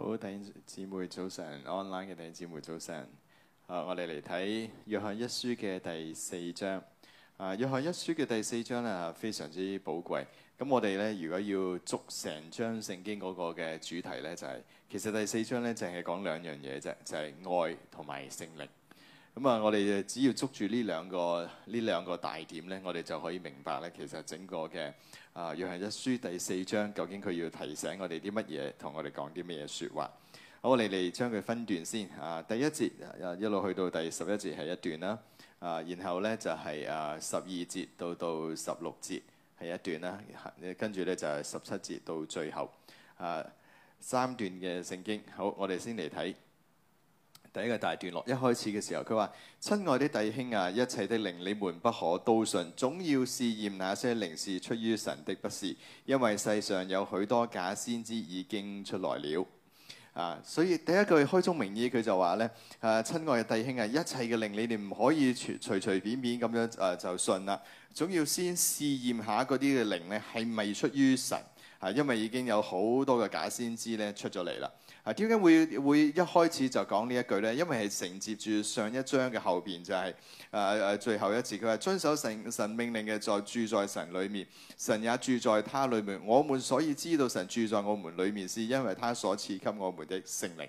好，弟兄姊妹早晨，online 嘅弟兄姊妹早晨。啊，我哋嚟睇約翰一書嘅第四章。啊，約翰一書嘅第四章咧，非常之寶貴。咁我哋咧，如果要捉成張聖經嗰個嘅主題咧，就係、是、其實第四章咧，淨係講兩樣嘢啫，就係、是、愛同埋勝利。咁啊！我哋只要捉住呢兩個呢兩個大點呢，我哋就可以明白呢。其實整個嘅啊約翰一書第四章，究竟佢要提醒我哋啲乜嘢，同我哋講啲乜嘢説話？好，我哋嚟將佢分段先啊！第一節一路去到第十一節係一段啦。啊，然後呢就係、是、啊十二節到到十六節係一段啦、啊。跟住呢就係、是、十七節到最後、啊、三段嘅聖經。好，我哋先嚟睇。第一個大段落，一開始嘅時候，佢話：親愛的弟兄啊，一切的靈，你們不可都信，總要試驗那些靈是出於神的不是，是因為世上有許多假先知已經出來了啊！所以第一句開宗明義，佢就話呢誒，親愛嘅弟兄啊，一切嘅靈，你哋唔可以隨隨便便咁樣誒就信啦，總要先試驗下嗰啲嘅靈呢係咪出於神啊？因為已經有好多嘅假先知咧出咗嚟啦。啊！點解會會一開始就講呢一句呢？因為係承接住上一章嘅後邊就係誒誒最後一節，佢話遵守神神命令嘅，在住在神裏面，神也住在他裏面。我們所以知道神住在我們裏面，是因為他所賜給我們的聖靈。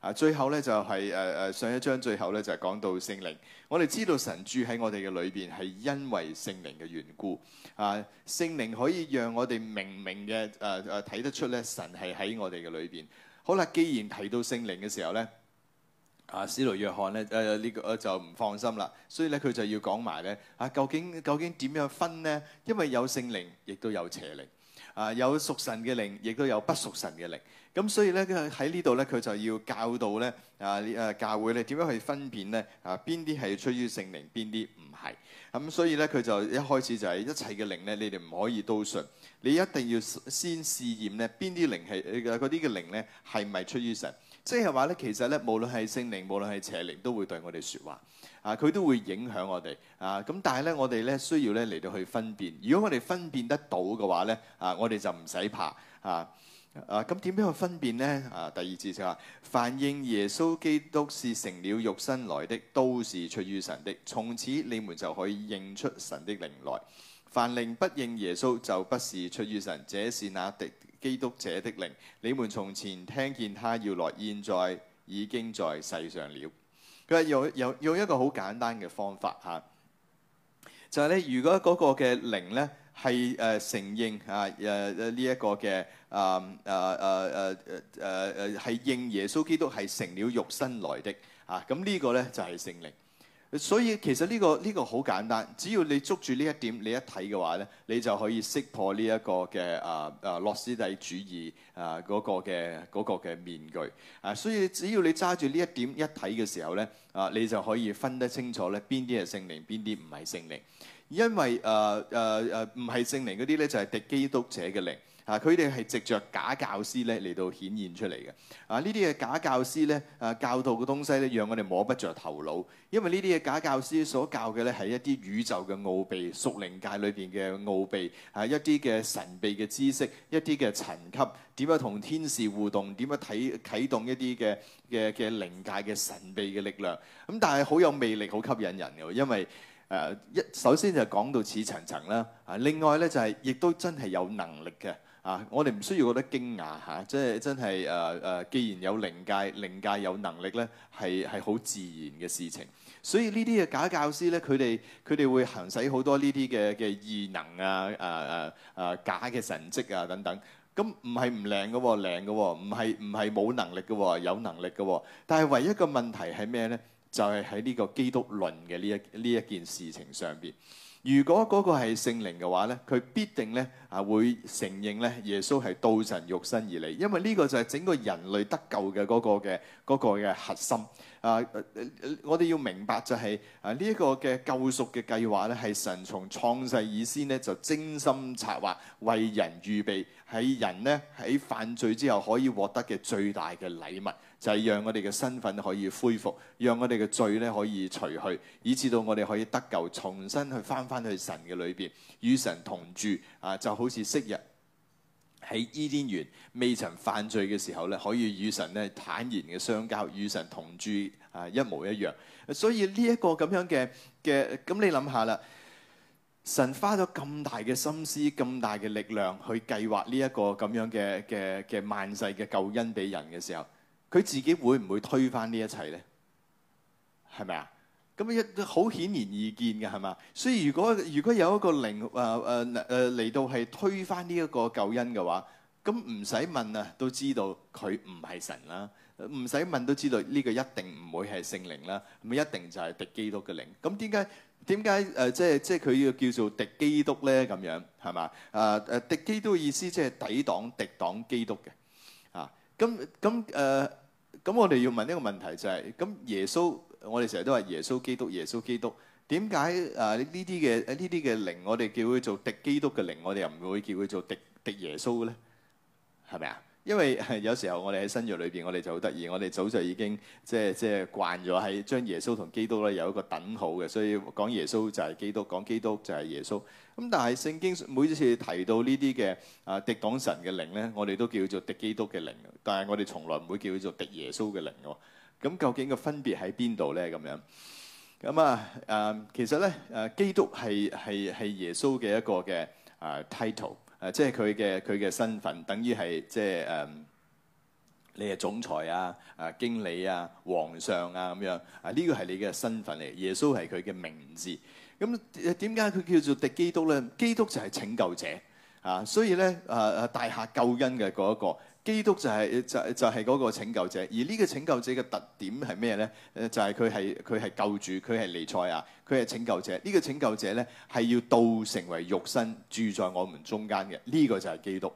啊！最後咧就係誒誒上一章最後咧就係講到聖靈。我哋知道神住喺我哋嘅裏邊係因為聖靈嘅緣故啊！聖靈可以讓我哋明明嘅誒誒睇得出咧，神係喺我哋嘅裏邊。好啦，既然提到聖靈嘅時候咧，啊，使徒約翰咧，誒、這、呢個、呃、就唔放心啦，所以咧佢就要講埋咧，啊，究竟究竟點樣分咧？因為有聖靈，亦都有邪靈。啊，有屬神嘅靈，亦都有不屬神嘅靈。咁所以咧，喺呢度咧，佢就要教導咧啊，誒教會咧點樣去分辨咧啊，邊啲係出於聖靈，邊啲唔係。咁所以咧，佢就一開始就係、是、一切嘅靈咧，你哋唔可以都信，你一定要先試驗咧，邊啲靈係誒嗰啲嘅靈咧，係咪出於神？即係話咧，其實咧，無論係聖靈，無論係邪靈，都會對我哋説話。啊！佢都會影響我哋啊！咁但係咧，我哋咧需要咧嚟到去分辨。如果我哋分辨得到嘅話咧，啊，我哋就唔使怕啊！啊，咁點樣去分辨呢？啊，第二節就話：凡認耶穌基督是成了肉身來的，都是出於神的。從此你們就可以認出神的靈來。凡靈不認耶穌，就不是出於神，這是那敵基督者的靈。你們從前聽見他要來，現在已經在世上了。佢用用用一個好簡單嘅方法嚇，就係咧，如果嗰個嘅靈咧係誒承認嚇誒誒呢一個嘅誒誒誒誒誒係認耶穌基督係成了肉身來的嚇，咁呢個咧就係聖靈。所以其實呢、呢個呢、呢個好簡單，只要你捉住呢一點，你一睇嘅話呢，你就可以識破呢一個嘅啊啊諾斯底主義啊嗰、嗰個嘅嗰個嘅面具啊。所以只要你揸住呢一點一睇嘅時候呢，啊，你就可以分得清楚咧邊啲係聖靈，邊啲唔係聖靈。因為誒誒誒唔係聖靈嗰啲呢，就係敵基督者嘅靈。啊！佢哋係藉着假教師咧嚟到顯現出嚟嘅啊！呢啲嘅假教師咧，啊，教導嘅東西咧，讓我哋摸不着頭腦，因為呢啲嘅假教師所教嘅咧係一啲宇宙嘅奧秘、屬靈界裏邊嘅奧秘啊，一啲嘅神秘嘅知識，一啲嘅層級點樣同天使互動，點樣睇啟動一啲嘅嘅嘅靈界嘅神秘嘅力量咁、嗯，但係好有魅力、好吸引人嘅，因為誒、啊、一首先就講到似層層啦啊，另外咧就係、是、亦都真係有能力嘅。啊！我哋唔需要覺得驚訝嚇、啊，即係真係誒誒，既然有靈界，靈界有能力咧，係係好自然嘅事情。所以呢啲嘅假教師咧，佢哋佢哋會行使好多呢啲嘅嘅異能啊啊啊啊假嘅神蹟啊等等。咁唔係唔靈嘅，靈嘅、啊，唔係唔係冇能力嘅、啊，有能力嘅、啊。但係唯一嘅問題係咩咧？就係喺呢個基督論嘅呢一呢一件事情上邊。如果嗰個係聖靈嘅話咧，佢必定咧啊會承認咧耶穌係道成肉身而嚟，因為呢個就係整個人類得救嘅嗰個嘅嗰個嘅核心啊！我哋要明白就係啊呢一個嘅救贖嘅計劃咧，係神從創世以先咧就精心策劃，為人預備喺人咧喺犯罪之後可以獲得嘅最大嘅禮物。就係讓我哋嘅身份可以恢復，讓我哋嘅罪咧可以除去，以至到我哋可以得救，重新去返返去神嘅裏邊，與神同住啊！就好似昔日喺伊甸園未曾犯罪嘅時候咧，可以與神咧坦然嘅相交，與神同住啊，一模一樣。所以呢一個咁樣嘅嘅咁，你諗下啦，神花咗咁大嘅心思、咁大嘅力量去計劃呢一個咁樣嘅嘅嘅萬世嘅救恩俾人嘅時候。佢自己會唔會推翻呢一切咧？係咪啊？咁一好顯然易見嘅係嘛？所以如果如果有一個靈啊啊、誒嚟到係推翻呢一個救恩嘅話，咁唔使問啊，都知道佢唔係神啦。唔使問都知道呢個一定唔會係聖靈啦。咁一定就係敵基督嘅靈。咁點解點解誒？即係即係佢要叫做敵基督咧？咁樣係嘛？誒誒，敵基督嘅意思即係抵擋、敵擋基督嘅。咁咁誒，咁、呃、我哋要問一個問題就係、是，咁耶穌，我哋成日都話耶穌基督，耶穌基督，點解誒呢啲嘅呢啲嘅靈，我哋叫佢做敵基督嘅靈，我哋又唔會叫佢做敵敵耶穌咧，係咪啊？因為有時候我哋喺新約裏邊，我哋就好得意，我哋早就已經即係即係慣咗喺將耶穌同基督咧有一個等號嘅，所以講耶穌就係基督，講基督就係耶穌。咁但係聖經每一次提到、啊、呢啲嘅啊敵擋神嘅靈咧，我哋都叫做敵基督嘅靈，但係我哋從來唔會叫做敵耶穌嘅靈嘅。咁、哦、究竟個分別喺邊度咧？咁樣咁啊？誒、啊，其實咧誒、啊，基督係係係耶穌嘅一個嘅誒 title。啊啊啊啊啊啊誒，即係佢嘅佢嘅身份，等於係即係誒、嗯，你係總裁啊、誒、啊、經理啊、皇上啊咁樣，啊呢、這個係你嘅身份嚟，耶穌係佢嘅名字。咁點解佢叫做敵基督咧？基督就係拯救者啊，所以咧誒誒，大夏救恩嘅嗰一個。基督就係、是、就是、就係、是、嗰個拯救者，而呢個拯救者嘅特點係咩呢？就係佢係佢係救主，佢係彌賽亞，佢係拯救者。呢、這個拯救者呢，係要道成為肉身，住在我們中間嘅，呢、這個就係基督。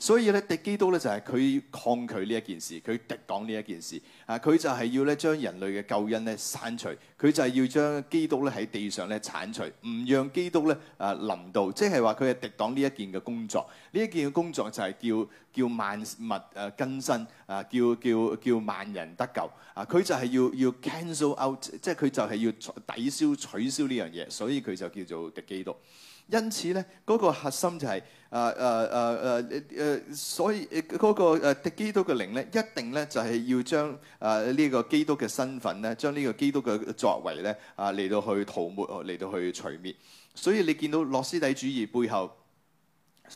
所以咧，敵基督咧就係佢抗拒呢一件事，佢敵擋呢一件事，啊佢就係要咧將人類嘅救恩咧刪除，佢就係要將基督咧喺地上咧剷除，唔讓基督咧啊臨到，即係話佢係敵擋呢一件嘅工作，呢一件嘅工作就係叫叫萬物誒更新，啊叫叫叫萬人得救，啊佢就係要要 cancel out，即係佢就係要抵消取消呢樣嘢，所以佢就叫做敵基督。因此咧，嗰、那個核心就係誒誒誒誒誒，所以誒嗰個敵基督嘅靈咧，一定咧就係要將誒呢個基督嘅身份咧，將呢個基督嘅作為咧，啊嚟到去塗抹，嚟到去除滅。所以你見到諾斯底主義背後，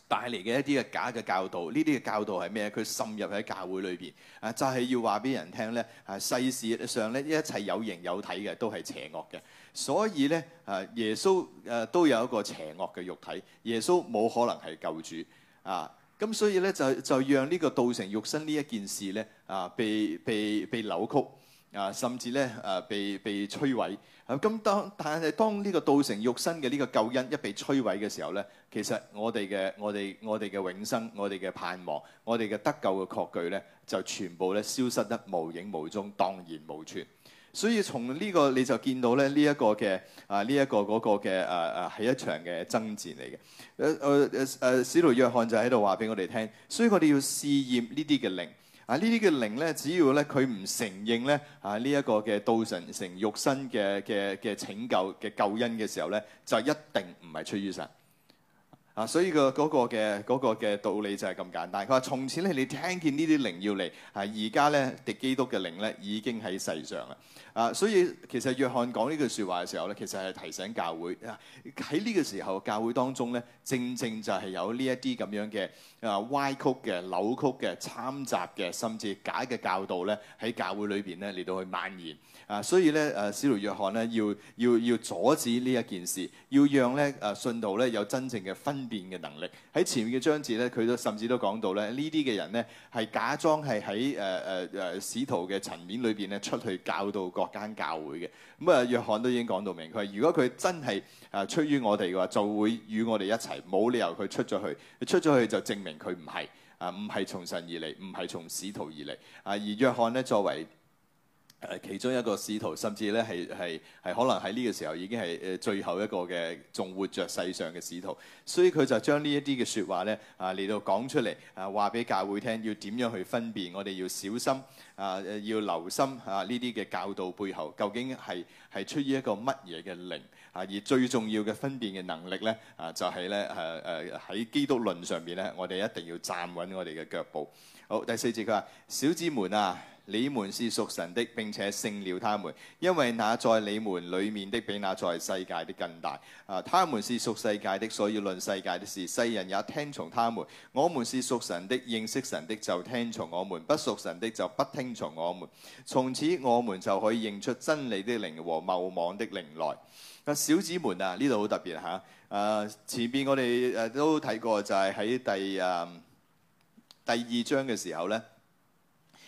帶嚟嘅一啲嘅假嘅教導，呢啲嘅教導係咩？佢滲入喺教會裏邊啊，就係、是、要話俾人聽咧啊，世事上咧一切有形有體嘅都係邪惡嘅，所以咧啊，耶穌誒都有一個邪惡嘅肉體，耶穌冇可能係救主啊，咁所以咧就就讓呢個道成肉身呢一件事咧啊，被被被扭曲啊，甚至咧啊被被摧毀。咁當，但係當呢個道成肉身嘅呢個救恩一被摧毀嘅時候咧，其實我哋嘅我哋我哋嘅永生，我哋嘅盼望，我哋嘅得救嘅確據咧，就全部咧消失得無影無蹤，蕩然無存。所以從呢個你就見到咧呢一個嘅、這個、啊呢一個嗰個嘅誒誒係一場嘅爭戰嚟嘅。誒誒誒誒，使徒約翰就喺度話俾我哋聽，所以我哋要試驗呢啲嘅靈。啊！呢啲嘅靈咧，只要咧佢唔承認咧，啊呢一個嘅道神成肉身嘅嘅嘅拯救嘅救恩嘅時候咧，就一定唔係出於神。啊，所以嗰個嘅嗰個嘅道理就係咁簡單。佢話從前咧，你聽見呢啲靈要嚟啊，而家咧，敵基督嘅靈咧已經喺世上啦。啊，所以其實約翰講呢句説話嘅時候咧，其實係提醒教會啊，喺呢個時候教會當中咧，正正就係有呢一啲咁樣嘅啊歪曲嘅、扭曲嘅、參雜嘅，甚至假嘅教導咧，喺教會裏邊咧嚟到去蔓延。啊，所以咧，誒、啊，使徒約翰咧，要要要阻止呢一件事，要讓咧誒、啊、信徒咧有真正嘅分辨嘅能力。喺前面嘅章節咧，佢都甚至都講到咧，呢啲嘅人咧係假裝係喺誒誒誒使徒嘅層面裏邊咧出去教導各間教會嘅。咁、嗯、啊，約翰都已經講到明，佢如果佢真係啊出於我哋嘅話，就會與我哋一齊，冇理由佢出咗去。出咗去就證明佢唔係啊，唔係從神而嚟，唔係從使徒而嚟。啊，而約翰咧作為，誒，其中一個使徒，甚至咧係係係可能喺呢個時候已經係誒最後一個嘅仲活著世上嘅使徒，所以佢就將呢一啲嘅説話咧啊嚟到講出嚟啊，話俾教會聽要點樣去分辨，我哋要小心啊，要留心啊呢啲嘅教導背後究竟係係出於一個乜嘢嘅靈啊？而最重要嘅分辨嘅能力咧啊，就係咧誒誒喺基督論上邊咧，我哋一定要站穩我哋嘅腳步。好，第四節佢話：小子們啊！你們是屬神的，並且勝了他們，因為那在你們裡面的比那在世界的更大。啊，他們是屬世界的，所以論世界的事，世人也聽從他們。我們是屬神的，認識神的就聽從我們，不屬神的就不聽從我們。從此我們就可以認出真理的靈和謬妄的靈來。小子們啊，呢度好特別嚇。前邊我哋都睇過，就係、是、喺第第二章嘅時候呢。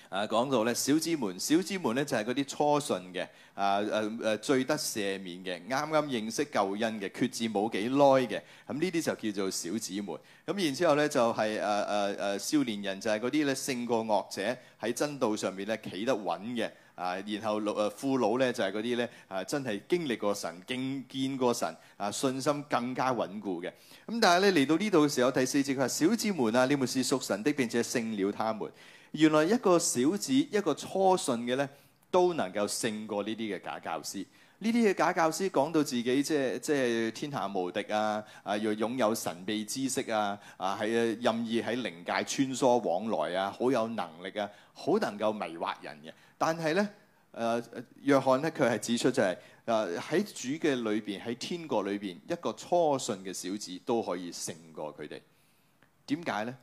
啊，講到咧小子們，小子們咧就係嗰啲初信嘅，啊啊啊罪得赦免嘅，啱啱認識救恩嘅，決志冇幾耐嘅，咁呢啲就叫做小子們。咁、啊、然之後咧就係誒誒誒少年人就，就係嗰啲咧勝過惡者喺真道上面咧企得穩嘅。啊，然後老、啊、父老咧就係嗰啲咧啊真係經歷過神、經見過神啊信心更加穩固嘅。咁、啊、但係咧嚟到呢度嘅時候第四節佢話：小子們啊，你們是屬神的，並且勝了他們。原來一個小子一個初信嘅咧，都能夠勝過呢啲嘅假教師。呢啲嘅假教師講到自己即係即係天下無敵啊，啊又擁有神秘知識啊，啊係任意喺靈界穿梭往來啊，好有能力啊，好能夠迷惑人嘅。但係咧，誒、呃、約翰咧佢係指出就係誒喺主嘅裏邊喺天國裏邊，一個初信嘅小子都可以勝過佢哋，點解咧？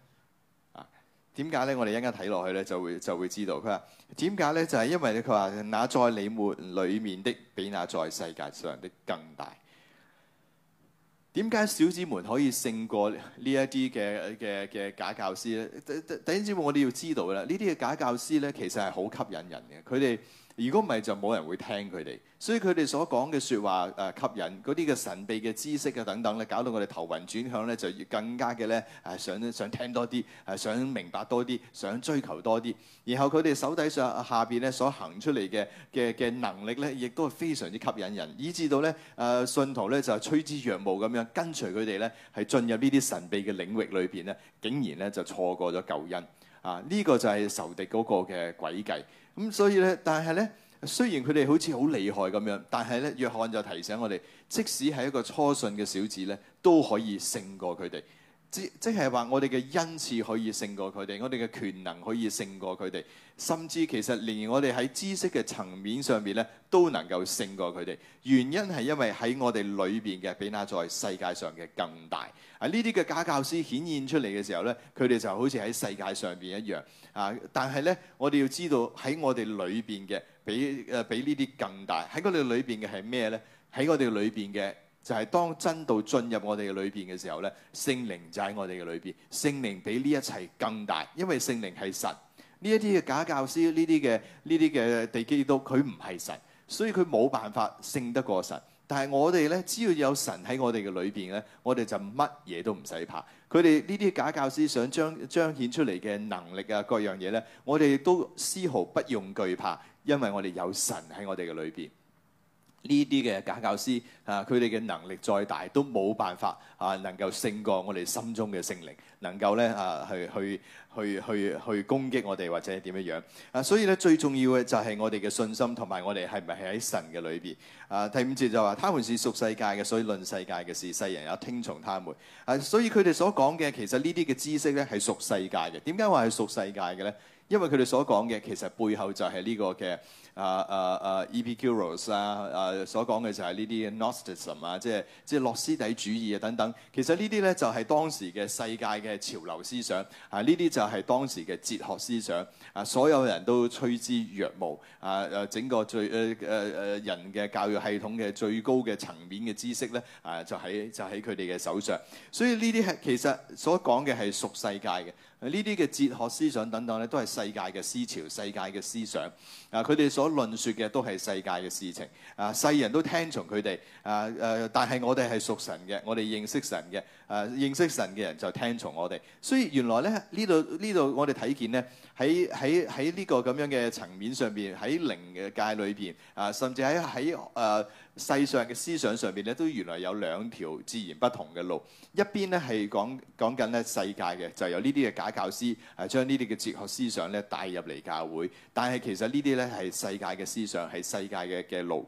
點解咧？我哋一陣間睇落去咧，就會就會知道。佢話點解咧？就係、是、因為咧，佢話那在你們裡面的，比那在世界上的更大。點解小子們可以勝過呢一啲嘅嘅嘅假教師咧？第第第一點，我哋要知道啦。呢啲嘅假教師咧，其實係好吸引人嘅。佢哋如果唔係就冇人會聽佢哋，所以佢哋所講嘅説話誒吸引嗰啲嘅神秘嘅知識啊等等咧，搞到我哋頭暈轉向咧，就越更加嘅咧誒想想聽多啲，誒想明白多啲，想追求多啲。然後佢哋手底下下邊咧所行出嚟嘅嘅嘅能力咧，亦都係非常之吸引人，以至到咧誒信徒咧就係趨之若鶩咁樣跟隨佢哋咧，係進入呢啲神秘嘅領域裏邊咧，竟然咧就錯過咗救恩啊！呢個就係仇敵嗰個嘅詭計。咁所以咧，但係咧，雖然佢哋好似好厲害咁樣，但係咧，約翰就提醒我哋，即使係一個初信嘅小子咧，都可以勝過佢哋。即即係話，我哋嘅恩賜可以勝過佢哋，我哋嘅權能可以勝過佢哋，甚至其實連我哋喺知識嘅層面上面咧，都能夠勝過佢哋。原因係因為喺我哋裏邊嘅比那在世界上嘅更大。啊，呢啲嘅假教師顯現出嚟嘅時候咧，佢哋就好似喺世界上邊一樣。啊，但係咧，我哋要知道喺我哋裏邊嘅比誒比呢啲更大。喺我哋裏邊嘅係咩咧？喺我哋裏邊嘅。就係當真道進入我哋嘅裏邊嘅時候咧，聖靈就喺我哋嘅裏邊。聖靈比呢一切更大，因為聖靈係神。呢一啲嘅假教師，呢啲嘅呢啲嘅敵基督，佢唔係神，所以佢冇辦法勝得過神。但係我哋咧，只要有神喺我哋嘅裏邊咧，我哋就乜嘢都唔使怕。佢哋呢啲假教師想彰彰顯出嚟嘅能力啊，各樣嘢咧，我哋都絲毫不用懼怕，因為我哋有神喺我哋嘅裏邊。呢啲嘅假教師啊，佢哋嘅能力再大都冇辦法啊，能夠勝過我哋心中嘅聖靈，能夠咧啊，去去去去去攻擊我哋或者點樣樣啊，所以咧，最重要嘅就係我哋嘅信心同埋我哋係咪係喺神嘅裏邊啊？第五節就話他們是屬世界嘅，所以論世界嘅事，世人也、啊、聽從他們啊。所以佢哋所講嘅其實呢啲嘅知識咧係屬世界嘅。點解話係屬世界嘅咧？因為佢哋所講嘅其實背後就係呢個嘅。啊啊啊！Epicurus 啊！啊、uh, uh, uh, uh, uh, 就是，所講嘅就係呢啲諾斯底啊，即係即係諾斯底主義啊，uh, 等等。其實呢啲咧就係、是、當時嘅世界嘅潮流思想啊，呢、uh, 啲就係當時嘅哲學思想啊，uh, 所有人都趨之若鶩啊！誒、uh,，整個最誒誒誒人嘅教育系統嘅最高嘅層面嘅知識咧啊、uh,，就喺就喺佢哋嘅手上。所以呢啲係其實所講嘅係屬世界嘅呢啲嘅哲學思想等等咧，都係世界嘅思潮、世界嘅思想。啊！佢哋所論説嘅都係世界嘅事情，啊世人都聽從佢哋，啊誒、呃，但係我哋係屬神嘅，我哋認識神嘅。誒、啊、認識神嘅人就聽從我哋，所以原來咧，呢度呢度我哋睇見咧，喺喺喺呢個咁樣嘅層面上邊，喺靈嘅界裏邊啊，甚至喺喺誒世上嘅思想上邊咧，都原來有兩條自然不同嘅路，一邊咧係講講緊咧世界嘅，就由呢啲嘅假教師啊將呢啲嘅哲學思想咧帶入嚟教會，但係其實呢啲咧係世界嘅思想，係世界嘅嘅路。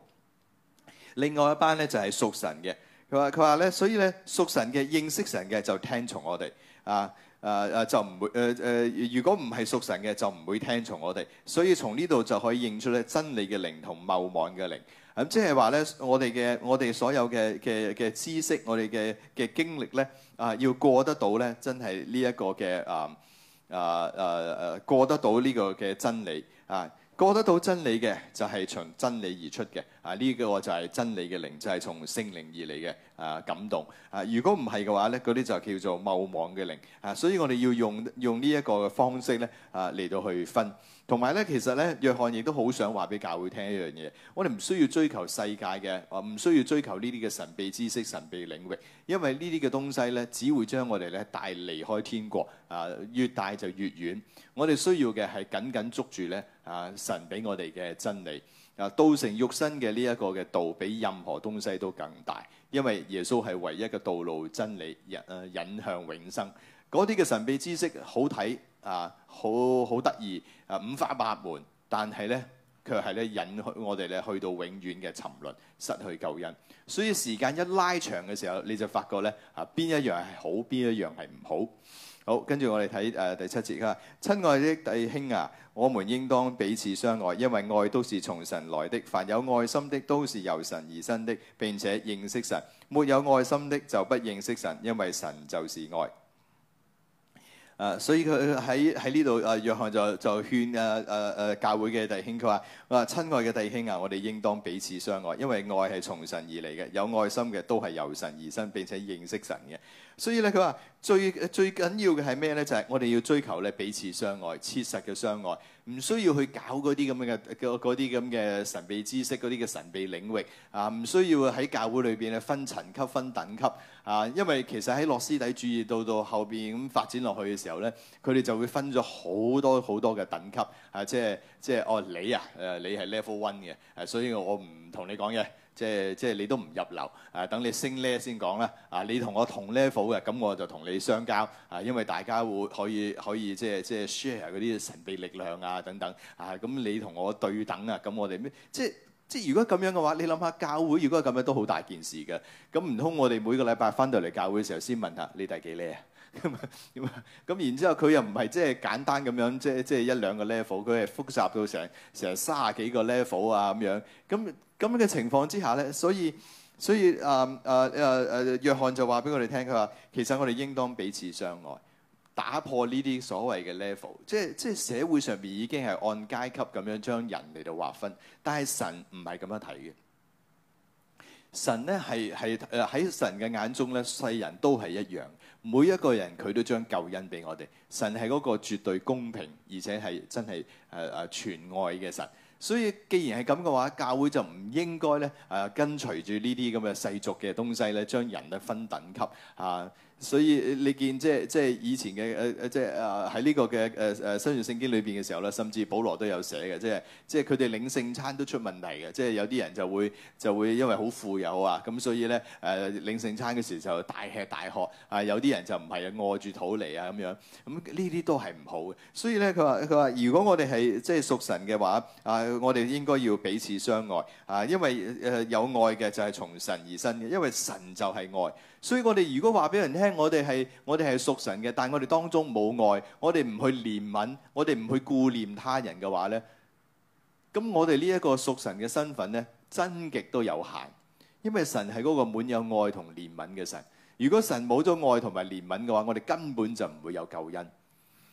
另外一班咧就係、是、屬神嘅。佢話：佢話咧，所以咧，屬神嘅認識神嘅就聽從我哋啊啊啊，就唔會誒誒、呃呃。如果唔係屬神嘅，就唔會聽從我哋。所以從呢度就可以認出咧真理嘅靈同謬妄嘅靈。咁即係話咧，我哋嘅我哋所有嘅嘅嘅知識，我哋嘅嘅經歷咧啊，要過得到咧，真係呢一個嘅啊啊啊啊過得到呢個嘅真理啊，過得到真理嘅就係、是、從真理而出嘅。啊！呢個就係真理嘅靈，就係從聖靈而嚟嘅。啊，感動。啊，如果唔係嘅話咧，嗰啲就叫做謬妄嘅靈。啊，所以我哋要用用呢一個嘅方式咧，啊嚟到去分。同埋咧，其實咧，約翰亦都好想話俾教會聽一樣嘢。我哋唔需要追求世界嘅，唔需要追求呢啲嘅神秘知識、神秘領域，因為呢啲嘅東西咧，只會將我哋咧帶離開天國。啊，越大就越遠。我哋需要嘅係緊緊捉住咧，啊，神俾我哋嘅真理。啊，道成肉身嘅呢一個嘅道，比任何東西都更大，因為耶穌係唯一嘅道路、真理、引啊引向永生。嗰啲嘅神秘知識好睇啊，好好得意啊，五花八門，但係咧，卻係咧引我哋咧去到永遠嘅沉淪，失去救恩。所以時間一拉長嘅時候，你就發覺咧啊，邊一樣係好，邊一樣係唔好。好，跟住我哋睇誒第七節啦。親愛的弟兄啊，我們應當彼此相愛，因為愛都是從神來的。凡有愛心的，都是由神而生的，並且認識神。沒有愛心的就不認識神，因為神就是愛。誒、呃，所以佢喺喺呢度誒，約翰就就勸誒誒誒教會嘅弟兄，佢話，啊，親愛嘅弟兄啊，我哋應當彼此相愛，因為愛係從神而嚟嘅，有愛心嘅都係由神而生，並且認識神嘅。所以咧，佢話最最緊要嘅係咩咧？就係我哋要追求咧彼此相愛，切實嘅相愛，唔需要去搞嗰啲咁樣嘅啲咁嘅神秘知識，嗰啲嘅神秘領域啊，唔需要喺教會裏邊咧分層級、分等級啊。因為其實喺諾斯底主義到到後邊咁發展落去嘅時候咧，佢哋就會分咗好多好多嘅等級啊。即係即係哦，你啊，誒你係 level one 嘅，所以我唔同你講嘢。即係即係你都唔入流，誒、啊、等你升 level 先講啦。啊，你同我同 level 嘅，咁我就同你相交。啊，因為大家會可以可以即係即係 share 嗰啲神秘力量啊等等。啊，咁你同我對等啊，咁我哋咩？即係即係如果咁樣嘅話，你諗下教會如果係咁樣都好大件事嘅。咁唔通我哋每個禮拜翻到嚟教會嘅時候先問下你第幾 level 啊？咁 然之後佢又唔係即係簡單咁樣，即係即係一兩個 level，佢係複雜到成成三十幾個 level 啊咁樣。咁咁嘅情況之下咧，所以所以誒誒誒誒，約翰就話俾我哋聽，佢話其實我哋應當彼此相愛，打破呢啲所謂嘅 level，即係即係社會上邊已經係按階級咁樣將人嚟到劃分，但係神唔係咁樣睇嘅。神咧係係誒喺神嘅眼中咧，世人都係一樣。每一個人佢都將救恩俾我哋，神係嗰個絕對公平，而且係真係誒誒全愛嘅神。所以既然係咁嘅話，教會就唔應該咧誒跟隨住呢啲咁嘅世俗嘅東西咧，將人咧分等級啊。所以你見即係即係以前嘅誒誒即係啊喺呢個嘅誒誒新約聖經裏邊嘅時候咧，甚至保羅都有寫嘅，即係即係佢哋領聖餐都出問題嘅，即係有啲人就會就會因為好富有啊，咁所以咧誒領聖餐嘅時候就大吃大喝啊，有啲人就唔係啊餓住肚嚟啊咁樣，咁呢啲都係唔好嘅。所以咧佢話佢話，如果我哋係即係屬神嘅話啊，我哋應該要彼此相愛啊，因為誒、啊、有愛嘅就係從神而生嘅，因為神就係愛。所以我哋如果話俾人聽，我哋係我哋係屬神嘅，但係我哋當中冇愛，我哋唔去憐憫，我哋唔去顧念他人嘅話咧，咁我哋呢一個屬神嘅身份咧，真極都有限，因為神係嗰個滿有愛同憐憫嘅神。如果神冇咗愛同埋憐憫嘅話，我哋根本就唔會有救恩。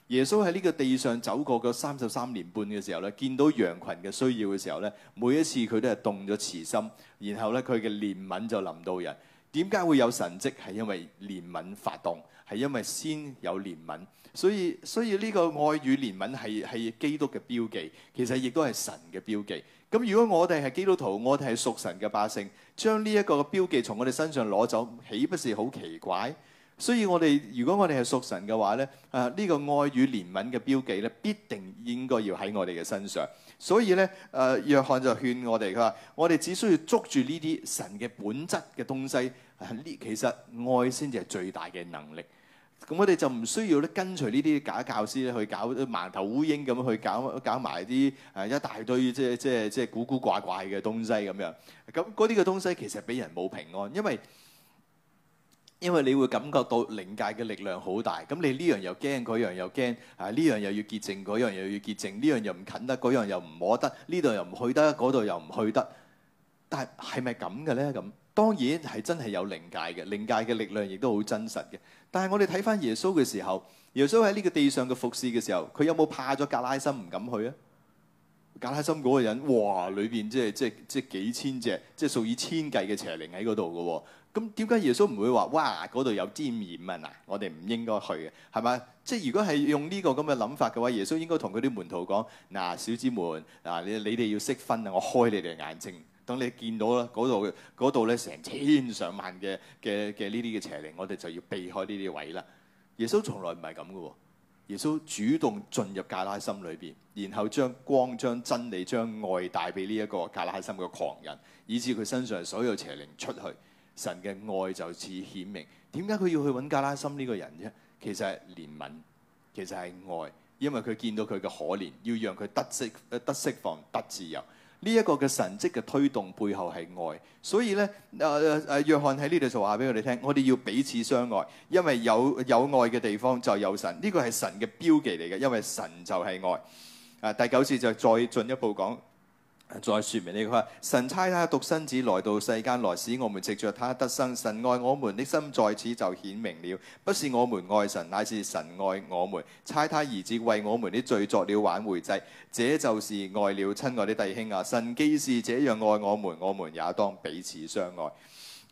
耶穌喺呢個地上走過嘅三十三年半嘅時候咧，見到羊群嘅需要嘅時候咧，每一次佢都係動咗慈心，然後咧佢嘅憐憫就臨到人。點解會有神跡？係因為憐憫發動，係因為先有憐憫，所以所以呢個愛與憐憫係係基督嘅標記，其實亦都係神嘅標記。咁如果我哋係基督徒，我哋係屬神嘅百姓，將呢一個嘅標記從我哋身上攞走，豈不是好奇怪？所以我哋如果我哋係屬神嘅話咧，啊呢個愛與憐憫嘅標記咧，必定應該要喺我哋嘅身上。所以咧，誒、呃、約翰就勸我哋，佢話：我哋只需要捉住呢啲神嘅本質嘅東西，呢、啊，其實愛先至係最大嘅能力。咁我哋就唔需要咧，跟隨呢啲假教師咧去搞盲、啊、頭烏蠅咁樣去搞搞埋啲誒一大堆，即係即係即係古古怪怪嘅東西咁樣。咁嗰啲嘅東西其實俾人冇平安，因為。因為你會感覺到靈界嘅力量好大，咁你呢樣又驚，嗰樣又驚，啊呢樣又要潔淨，嗰樣又要潔淨，呢樣又唔近得，嗰樣又唔摸得，呢度又唔去得，嗰度又唔去得。但係係咪咁嘅咧？咁當然係真係有靈界嘅，靈界嘅力量亦都好真實嘅。但係我哋睇翻耶穌嘅時候，耶穌喺呢個地上嘅服侍嘅時候，佢有冇怕咗格拉森唔敢去啊？格拉森嗰個人，哇！裏邊即係即係即係幾千隻，即係數以千計嘅邪靈喺嗰度嘅喎。咁點解耶穌唔會話哇嗰度有啲染啊？嗱，我哋唔應該去嘅，係咪？即係如果係用呢、這個咁嘅諗法嘅話，耶穌應該同佢啲門徒講：嗱、啊，小子們，啊你你哋要識分啊！我開你哋嘅眼睛，等你見到啦，嗰度嗰度咧成千上萬嘅嘅嘅呢啲嘅邪靈，我哋就要避開呢啲位啦。耶穌從來唔係咁嘅，耶穌主動進入格拉森裏邊，然後將光、將真理、將愛帶俾呢一個格拉森嘅狂人，以至佢身上所有邪靈出去。神嘅愛就似顯明，點解佢要去揾加拉森呢個人啫？其實係憐憫，其實係愛，因為佢見到佢嘅可憐，要讓佢得釋得釋放得自由。呢一個嘅神蹟嘅推動背後係愛，所以咧，誒誒約翰喺呢度就話俾我哋聽，我哋要彼此相愛，因為有有愛嘅地方就有神，呢個係神嘅標記嚟嘅，因為神就係愛。啊，第九節就再進一步講。再説明呢句話，神差他獨生子來到世間，來使我們藉著他得生。神愛我們的心在此就顯明了，不是我們愛神，乃是神愛我們。差他兒子為我們的罪作了挽回祭，這就是愛了。親愛的弟兄啊，神既是這樣愛我們，我們也當彼此相愛。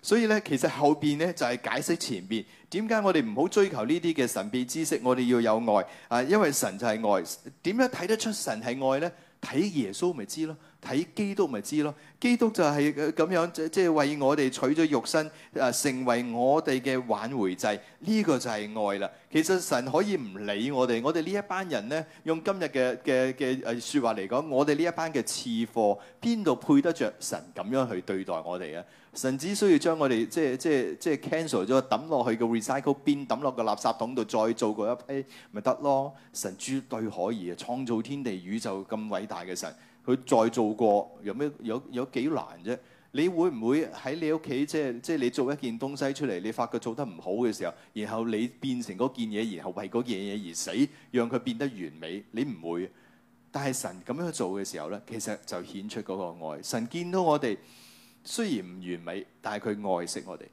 所以咧，其實後邊呢就係解釋前邊點解我哋唔好追求呢啲嘅神秘知識，我哋要有愛啊，因為神就係愛。點樣睇得出神係愛呢？睇耶穌咪知咯，睇基督咪知咯。基督就係咁樣，即即係為我哋取咗肉身，誒成為我哋嘅挽回祭。呢個就係愛啦。其實神可以唔理我哋，我哋呢一班人咧，用今日嘅嘅嘅説話嚟講，我哋呢一班嘅次貨，邊度配得着神咁樣去對待我哋嘅？神只需要將我哋即係即係即係 cancel 咗抌落去嘅 recycle b 抌落個垃圾桶度再做過一批，咪得咯？神絕對可以嘅，創造天地宇宙咁偉大嘅神，佢再做過有咩有有幾難啫？你會唔會喺你屋企即係即係你做一件東西出嚟，你發覺做得唔好嘅時候，然後你變成嗰件嘢，然後為嗰件嘢而死，讓佢變得完美？你唔會。但係神咁樣做嘅時候咧，其實就顯出嗰個愛。神見到我哋。雖然唔完美，但係佢愛惜我哋。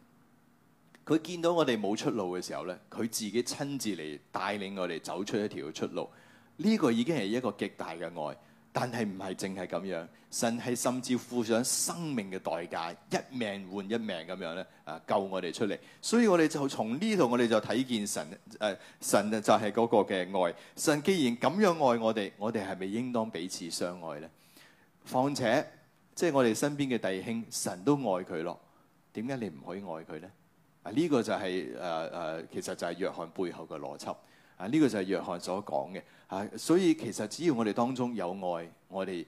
佢見到我哋冇出路嘅時候咧，佢自己親自嚟帶領我哋走出一條出路。呢個已經係一個極大嘅愛。但係唔係淨係咁樣，神係甚至付上生命嘅代價，一命換一命咁樣咧，啊，救我哋出嚟。所以我哋就從呢度，我哋就睇見神誒、呃，神就係嗰個嘅愛。神既然咁樣愛我哋，我哋係咪應當彼此相愛呢？況且。即係我哋身邊嘅弟兄，神都愛佢咯。點解你唔可以愛佢呢？啊，呢個就係誒誒，其實就係約翰背後嘅邏輯。啊，呢個就係約翰所講嘅。啊，所以其實只要我哋當中有愛，我哋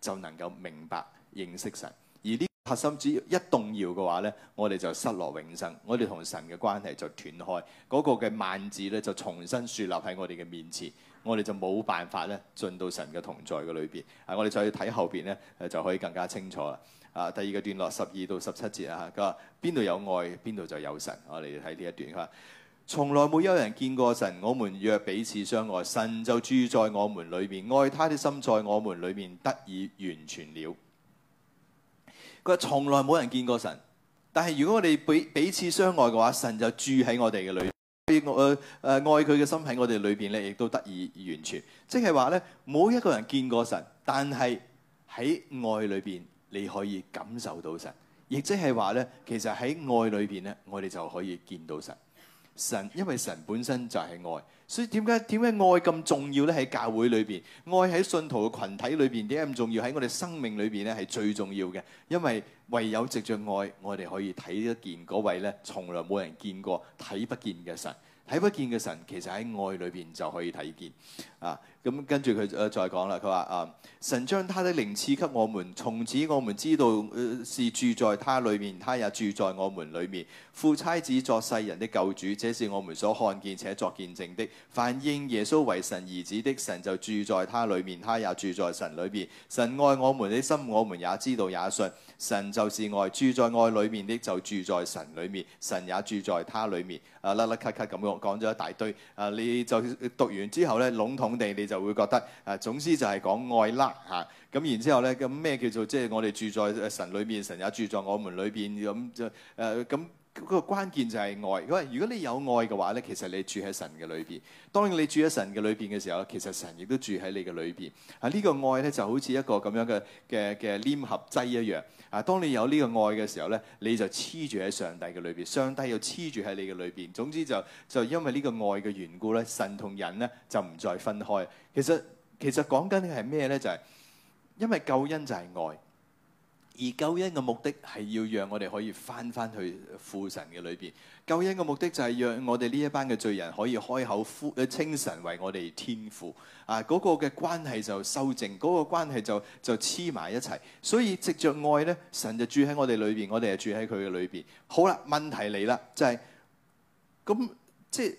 就能夠明白認識神。而呢核心只要一動搖嘅話呢，我哋就失落永生，我哋同神嘅關係就斷開，嗰個嘅萬字咧就重新樹立喺我哋嘅面前。我哋就冇辦法咧進到神嘅同在嘅裏邊。啊，我哋再睇後邊咧，誒就可以更加清楚啦。啊，第二個段落十二到十七節啊，佢話邊度有愛，邊度就有神。我哋睇呢一段哈，從來冇有人見過神。我們若彼此相愛，神就住在我們裏面。愛他的心在我們裏面得以完全了。佢話從來冇人見過神，但係如果我哋彼彼此相愛嘅話，神就住喺我哋嘅裏。所以我誒誒愛佢嘅，呃、心喺我哋裏邊咧，亦都得以完全。即係話咧，冇一個人見過神，但係喺愛裏邊，你可以感受到神。亦即係話咧，其實喺愛裏邊咧，我哋就可以見到神。神因為神本身就係愛。所以點解點解愛咁重要咧？喺教會裏邊，愛喺信徒嘅羣體裏邊點解咁重要？喺我哋生命裏邊咧係最重要嘅，因為唯有藉着愛，我哋可以睇得見嗰位咧，從來冇人見過、睇不見嘅神。睇不見嘅神其實喺愛裏邊就可以睇見，啊。咁跟住佢誒再講啦，佢話：誒神將他的靈賜給我們，從此我們知道是住在他裏面，他也住在我們裏面。父差子作世人的救主，這是我們所看見且作見證的。凡認耶穌為神兒子的，神就住在他裏面，他也住在神裏面。神愛我們的心，我們也知道也信。神就是愛，住在愛裏面的就住在神裏面，神也住在他裏面。啊，甩甩咳咳咁講講咗一大堆。啊，你就讀完之後呢，籠統地你就。就會覺得，誒，總之就係講愛啦吓，咁然之後咧，咁咩叫做即係、就是、我哋住在誒神裏邊，神也住在我們裏邊。咁就誒咁。呃個關鍵就係愛，如果你有愛嘅話咧，其實你住喺神嘅裏邊。當然你住喺神嘅裏邊嘅時候，其實神亦都住喺你嘅裏邊。啊，呢個愛咧就好似一個咁樣嘅嘅嘅黏合劑一樣。啊，當你有呢個愛嘅時候咧，你就黐住喺上帝嘅裏邊，上帝又黐住喺你嘅裏邊。總之就就因為呢個愛嘅緣故咧，神同人咧就唔再分開。其實其實講緊嘅係咩咧？就係因為救恩就係愛。而救恩嘅目的係要讓我哋可以翻翻去父神嘅裏邊。救恩嘅目的就係讓我哋呢一班嘅罪人可以開口呼誒，稱神為我哋天父啊。嗰個嘅關係就修正，嗰個關係就就黐埋一齊。所以藉着愛咧，神就住喺我哋裏邊，我哋就住喺佢嘅裏邊。好啦，問題嚟啦，就係咁即係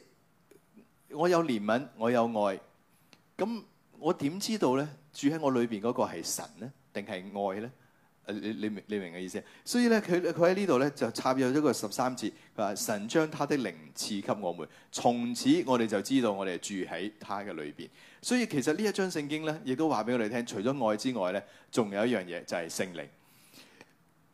我有憐憫，我有愛，咁我點知道咧，住喺我裏邊嗰個係神咧，定係愛咧？你你明你明嘅意思，所以咧佢佢喺呢度咧就插入咗個十三節，佢話，神將他的靈賜給我們，從此我哋就知道我哋住喺他嘅裏邊。所以其實呢一章聖經咧，亦都話俾我哋聽，除咗愛之外咧，仲有一樣嘢就係聖靈。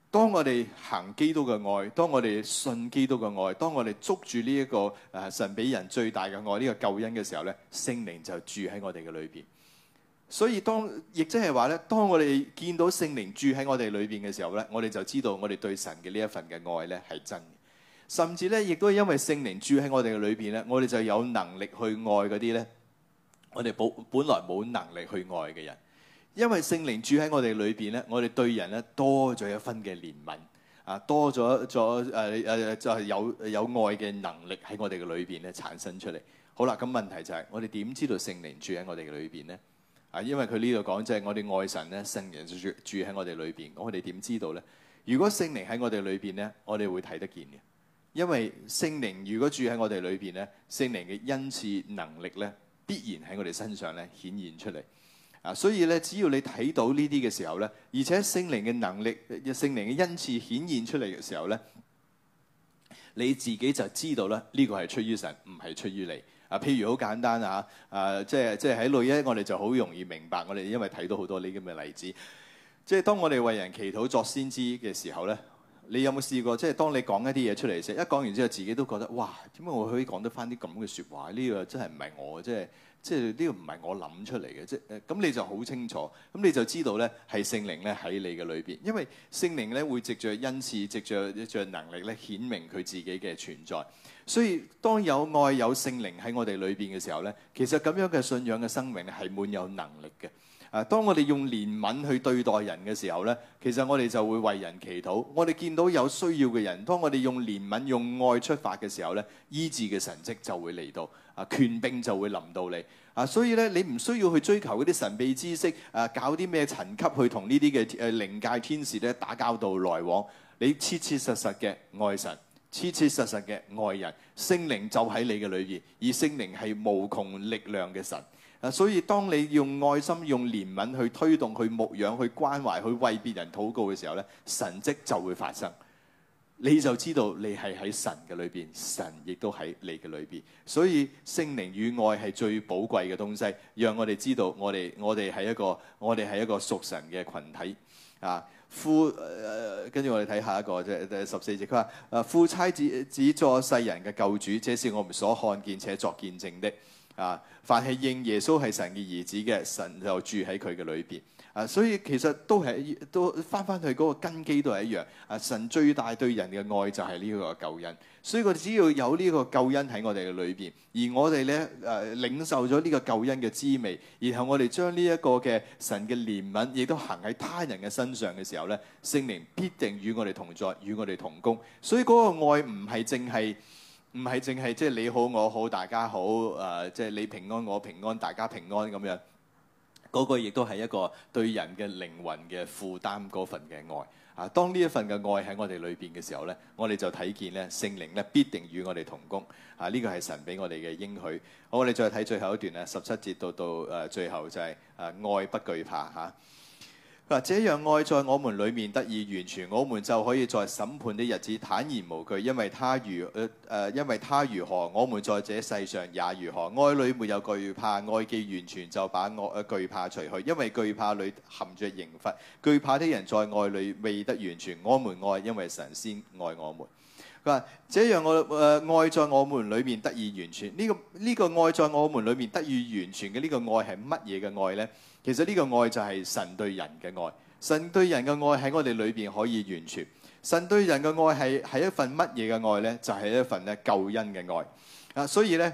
當我哋行基督嘅愛，當我哋信基督嘅愛，當我哋捉住呢一個誒神俾人最大嘅愛，呢個救恩嘅時候咧，聖靈就住喺我哋嘅裏邊。所以當，亦即係話咧，當我哋見到聖靈住喺我哋裏邊嘅時候咧，我哋就知道我哋對神嘅呢一份嘅愛咧係真嘅。甚至咧，亦都因為聖靈住喺我哋嘅裏邊咧，我哋就有能力去愛嗰啲咧，我哋本本來冇能力去愛嘅人。因為聖靈住喺我哋裏邊咧，我哋對人咧多咗一分嘅憐憫，啊，多咗咗誒誒，就、呃、係、呃、有有愛嘅能力喺我哋嘅裏邊咧產生出嚟。好啦，咁問題就係、是、我哋點知道聖靈住喺我哋嘅裏邊咧？啊、就是，因為佢呢度講，即係我哋愛神咧，聖靈住住喺我哋裏邊。我哋點知道咧？如果聖靈喺我哋裏邊咧，我哋會睇得見嘅。因為聖靈如果住喺我哋裏邊咧，聖靈嘅恩賜能力咧，必然喺我哋身上咧顯現出嚟。啊，所以咧，只要你睇到呢啲嘅時候咧，而且聖靈嘅能力、聖靈嘅恩賜顯現出嚟嘅時候咧，你自己就知道啦。呢、呢個係出於神，唔係出於你。啊，譬如好簡單啊，誒，即係即係喺內喎，我哋就好容易明白，我哋因為睇到好多呢啲咁嘅例子。即係當我哋為人祈禱作先知嘅時候咧，你有冇試過？即係當你講一啲嘢出嚟嘅時候，一講完之後自己都覺得，哇！點解我可以講得翻啲咁嘅説話？呢個真係唔係我，即係即係呢個唔係我諗出嚟嘅，即誒咁你就好清楚，咁你就知道咧係聖靈咧喺你嘅裏邊，因為聖靈咧會藉著恩賜，藉著藉著能力咧顯明佢自己嘅存在。所以，當有愛有聖靈喺我哋裏邊嘅時候咧，其實咁樣嘅信仰嘅生命係滿有能力嘅。啊，當我哋用憐憫去對待人嘅時候咧，其實我哋就會為人祈禱。我哋見到有需要嘅人，當我哋用憐憫、用愛出發嘅時候咧，醫治嘅神跡就會嚟到，啊，權柄就會臨到你。啊，所以咧，你唔需要去追求嗰啲神秘知識，啊，搞啲咩層級去同呢啲嘅誒靈界天使咧打交道來往。你切切實實嘅愛神。切切實實嘅愛人，聖靈就喺你嘅裏邊，而聖靈係無窮力量嘅神。啊，所以當你用愛心、用憐憫去推動、去牧養、去關懷、去為別人禱告嘅時候咧，神跡就會發生。你就知道你係喺神嘅裏邊，神亦都喺你嘅裏邊。所以聖靈與愛係最寶貴嘅東西，讓我哋知道我哋我哋係一個我哋係一個屬神嘅群體啊。父，誒跟住我哋睇下一個啫，第十四節，佢話：誒父差子，子作世人嘅救主，這是我們所看見且作見證的。啊！凡係認耶穌係神嘅兒子嘅，神就住喺佢嘅裏邊。啊，所以其實都係都翻翻去嗰個根基都係一樣。啊，神最大對人嘅愛就係呢個救恩。所以我哋只要有呢個救恩喺我哋嘅裏邊，而我哋咧誒領受咗呢個救恩嘅滋味，然後我哋將呢一個嘅神嘅憐憫，亦都行喺他人嘅身上嘅時候咧，聖靈必定與我哋同在，與我哋同工。所以嗰個愛唔係淨係。唔係淨係即係你好我好大家好，誒、呃、即係你平安我平安大家平安咁樣，嗰、那個亦都係一個對人嘅靈魂嘅負擔嗰份嘅愛。啊，當呢一份嘅愛喺我哋裏邊嘅時候呢，我哋就睇見呢聖靈呢必定與我哋同工。啊，呢、這個係神俾我哋嘅應許。好，我哋再睇最後一段啊，十七節到到誒、呃、最後就係、是、誒、啊、愛不懼怕嚇。啊嗱，這樣愛在我們裏面得以完全，我們就可以在審判的日子坦然無懼，因為他如誒誒、呃，因為他如何，我們在這世上也如何。愛裏沒有懼怕，愛既完全，就把我懼怕除去，因為懼怕裏含着刑罰，懼怕的人在愛裏未得完全。我們愛，因為神先愛我們。嗱，這樣愛誒、呃、愛在我們裏面得以完全，呢、這個呢、這個愛在我們裏面得以完全嘅呢、這個愛係乜嘢嘅愛呢？其實呢個愛就係神對人嘅愛，神對人嘅愛喺我哋裏邊可以完全。神對人嘅愛係係一份乜嘢嘅愛呢？就係、是、一份咧救恩嘅愛。啊，所以呢，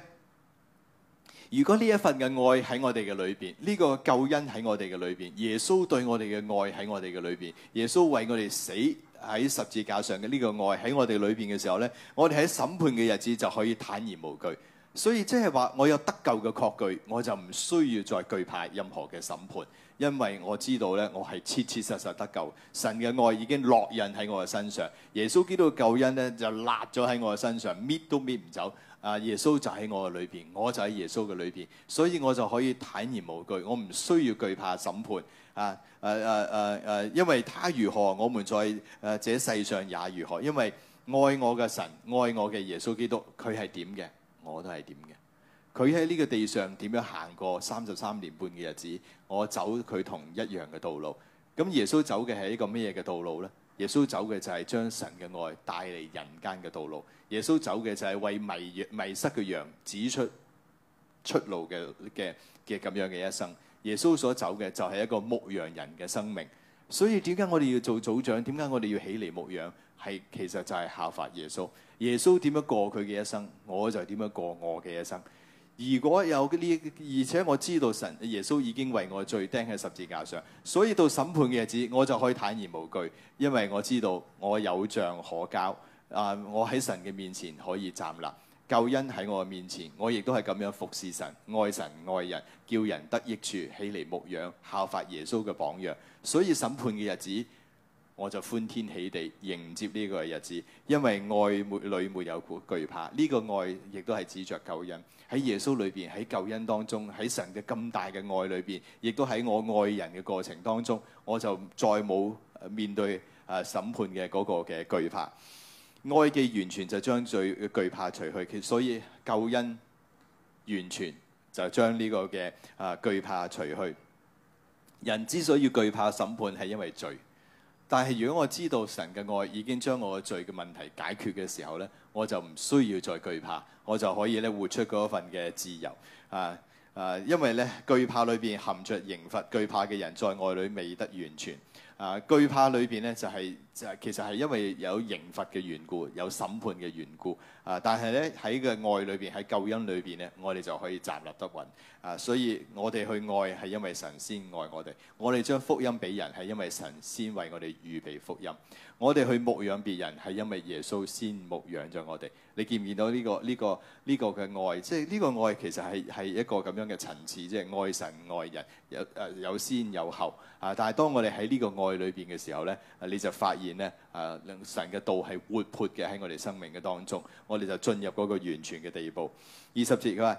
如果呢一份嘅愛喺我哋嘅裏邊，呢、這個救恩喺我哋嘅裏邊，耶穌對我哋嘅愛喺我哋嘅裏邊，耶穌為我哋死喺十字架上嘅呢個愛喺我哋裏邊嘅時候呢，我哋喺審判嘅日子就可以坦然無懼。所以即係話，我有得救嘅確據，我就唔需要再懼怕任何嘅審判，因為我知道咧，我係切切實實得救。神嘅愛已經烙印喺我嘅身上，耶穌基督嘅救恩咧就辣咗喺我嘅身上，搣都搣唔走。啊，耶穌就喺我嘅裏邊，我就喺耶穌嘅裏邊，所以我就可以坦然無懼，我唔需要懼怕審判啊。誒誒誒誒，因為他如何，我們在誒這世上也如何，因為愛我嘅神，愛我嘅耶穌基督，佢係點嘅？我都係點嘅，佢喺呢個地上點樣行過三十三年半嘅日子，我走佢同一樣嘅道路。咁耶穌走嘅係一個咩嘢嘅道路呢？耶穌走嘅就係將神嘅愛帶嚟人間嘅道路。耶穌走嘅就係為迷迷失嘅羊指出出路嘅嘅嘅咁樣嘅一生。耶穌所走嘅就係一個牧羊人嘅生命。所以點解我哋要做組長？點解我哋要起嚟牧羊？係，其實就係效法耶穌，耶穌點樣過佢嘅一生，我就點樣過我嘅一生。如果有呢，而且我知道神耶穌已經為我罪釘喺十字架上，所以到審判嘅日子，我就可以坦然無懼，因為我知道我有仗可交。啊、呃，我喺神嘅面前可以站立，救恩喺我嘅面前，我亦都係咁樣服侍神、愛神、愛人，叫人得益處、起嚟牧養、效法耶穌嘅榜樣。所以審判嘅日子，我就歡天喜地迎接呢個日子，因為愛沒裏沒有懼怕。呢個愛亦都係指着救恩喺耶穌裏邊，喺救恩當中，喺神嘅咁大嘅愛裏邊，亦都喺我愛人嘅過程當中，我就再冇面對誒審判嘅嗰個嘅懼怕。愛嘅完全就將罪懼怕除去，所以救恩完全就將呢個嘅誒懼怕除去。人之所以懼怕審判，係因為罪。但係如果我知道神嘅愛已經將我嘅罪嘅問題解決嘅時候咧，我就唔需要再懼怕，我就可以咧活出嗰一份嘅自由啊啊！因為咧，懼怕裏邊含着刑罰，懼怕嘅人在愛裏未得完全啊，懼怕裏邊咧就係、是。就係其實係因為有刑罰嘅緣故，有審判嘅緣故啊！但係咧喺個愛裏邊，喺救恩裏邊咧，我哋就可以站立得穩啊！所以我哋去愛係因為神先愛我哋，我哋將福音俾人係因為神先為我哋預備福音，我哋去牧養別人係因為耶穌先牧養咗我哋。你見唔見到呢個呢個呢個嘅愛，即係呢個愛其實係係一個咁樣嘅層次，即係愛神愛人有誒有先有後啊！但係當我哋喺呢個愛裏邊嘅時候咧，你就發現。啊，神嘅道係活潑嘅，喺我哋生命嘅當中，我哋就進入嗰個完全嘅地步。二十節佢話：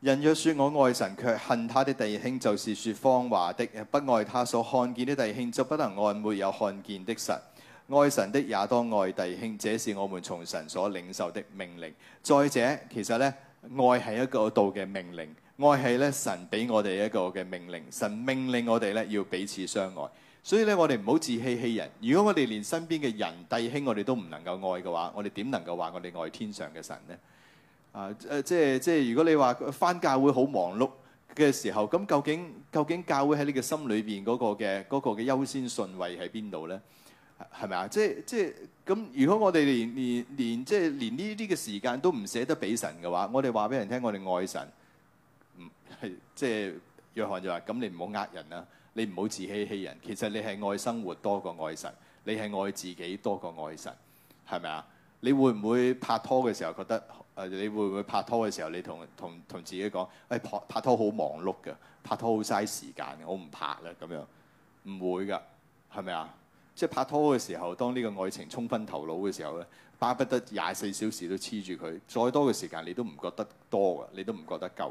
人若說我愛神，卻恨他的弟兄，就是說謊話的；不愛他所看見的弟兄，就不能愛沒有看見的神。愛神的也當愛弟兄，這是我們從神所領受的命令。再者，其實咧愛係一個道嘅命令，愛係咧神俾我哋一個嘅命令，神命令我哋咧要彼此相愛。所以咧，我哋唔好自欺欺人。如果我哋連身邊嘅人弟兄，我哋都唔能夠愛嘅話，我哋點能夠話我哋愛天上嘅神呢？啊，即係即係，如果你話翻教會好忙碌嘅時候，咁究竟究竟教會喺你嘅心裏邊嗰個嘅嗰個嘅優先順位喺邊度呢？係咪啊？即係即係，咁如果我哋連連連即係連呢啲嘅時間都唔捨得俾神嘅話，我哋話俾人聽我哋愛神，唔、嗯、即係約翰就話：咁你唔好呃人啦。你唔好自欺欺人，其實你係愛生活多過愛神，你係愛自己多過愛神，係咪啊？你會唔會拍拖嘅時候覺得？誒、呃，你會唔會拍拖嘅時候，你同同同自己講，誒，拍拍拖好忙碌㗎，拍拖好嘥時間，我唔拍啦咁樣。唔會㗎，係咪啊？即係拍拖嘅時候，當呢個愛情衝昏頭腦嘅時候咧，巴不得廿四小時都黐住佢，再多嘅時間你都唔覺得多㗎，你都唔覺得夠，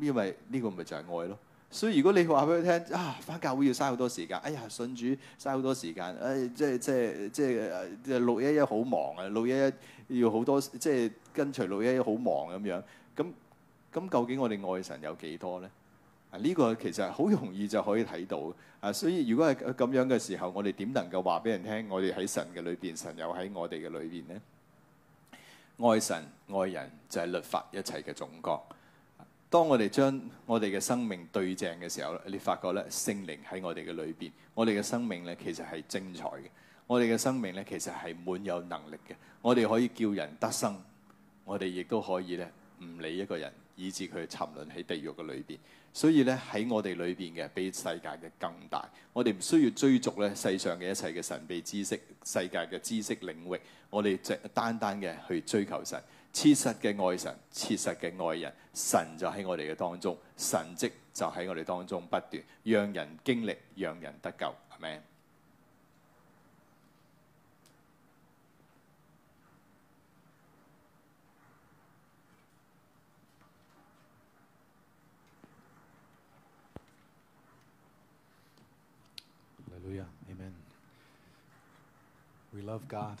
因為呢個咪就係愛咯。所以如果你話俾佢聽啊，返教會要嘥好多時間，哎呀信主嘥好多時間，誒、哎、即係即係即係六一一好忙啊，六一一要好多即係跟隨六一一好忙咁樣，咁咁究竟我哋愛神有幾多咧？啊呢、這個其實好容易就可以睇到啊，所以如果係咁樣嘅時候，我哋點能夠話俾人聽，我哋喺神嘅裏邊，神又喺我哋嘅裏邊咧？愛神愛人就係律法一切嘅總綱。當我哋將我哋嘅生命對正嘅時候咧，你發覺咧聖靈喺我哋嘅裏邊，我哋嘅生命咧其實係精彩嘅，我哋嘅生命咧其實係滿有能力嘅，我哋可以叫人得生，我哋亦都可以咧唔理一個人以致佢沉淪喺地獄嘅裏邊。所以咧喺我哋裏邊嘅比世界嘅更大，我哋唔需要追逐咧世上嘅一切嘅神秘知識、世界嘅知識領域，我哋只單單嘅去追求神。切實嘅愛神，切實嘅愛人，神就喺我哋嘅當中，神蹟就喺我哋當中不斷，讓人經歷，讓人得救。阿門。哈利路亞，阿門。We love God.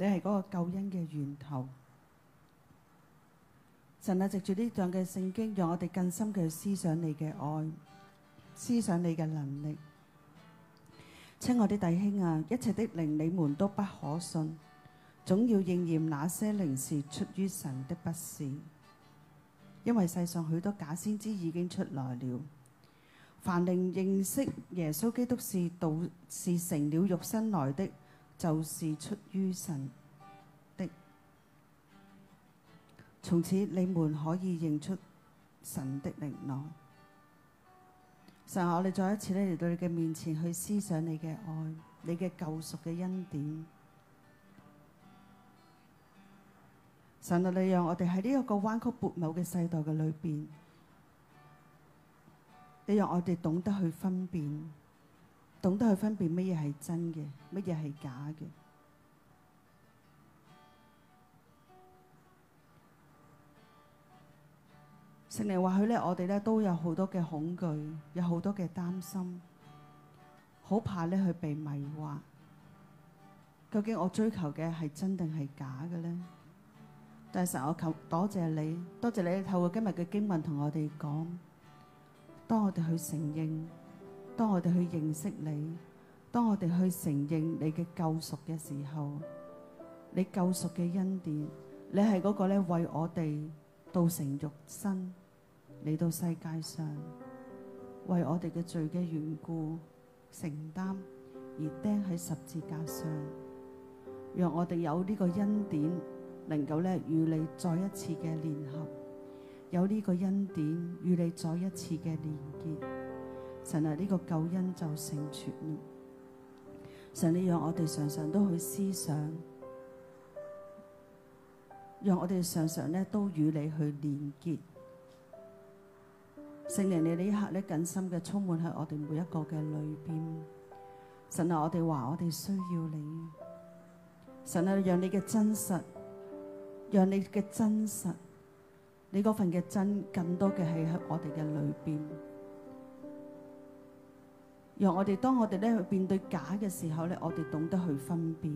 你係嗰個救恩嘅源頭，神啊！藉住呢章嘅聖經，讓我哋更深嘅思想你嘅愛，思想你嘅能力。親愛的弟兄啊，一切的靈你們都不可信，總要應驗那些靈是出於神的，不是。因為世上許多假先知已經出來了。凡能認識耶穌基督是道是成了肉身來的。就是出於神的，從此你們可以認出神的靈來。神啊，我哋再一次咧嚟到你嘅面前去思想你嘅愛，你嘅救贖嘅恩典。神啊，你讓我哋喺呢一個彎曲悖謬嘅世代嘅裏邊，你讓我哋懂得去分辨。懂得去分辨乜嘢係真嘅，乜嘢係假嘅。成嚟或許咧，我哋咧都有好多嘅恐懼，有好多嘅擔心，好怕咧去被迷惑。究竟我追求嘅係真定係假嘅咧？但係神，我求多謝你，多謝你透過今日嘅經文同我哋講，當我哋去承認。當我哋去認識你，當我哋去承認你嘅救贖嘅時候，你救贖嘅恩典，你係嗰個咧為我哋道成肉身嚟到世界上，為我哋嘅罪嘅緣故承擔而釘喺十字架上，讓我哋有呢個恩典，能夠咧與你再一次嘅聯合，有呢個恩典與你再一次嘅連結。神啊，呢個救恩就成全。神你讓我哋常常都去思想，讓我哋常常咧都與你去連結。聖靈你呢一刻咧，更深嘅充滿喺我哋每一個嘅裏邊。神啊，我哋話我哋需要你。神啊，讓你嘅真實，讓你嘅真實，你嗰份嘅真，更多嘅係喺我哋嘅裏邊。讓我哋當我哋咧去面對假嘅時候咧，我哋懂得去分辨。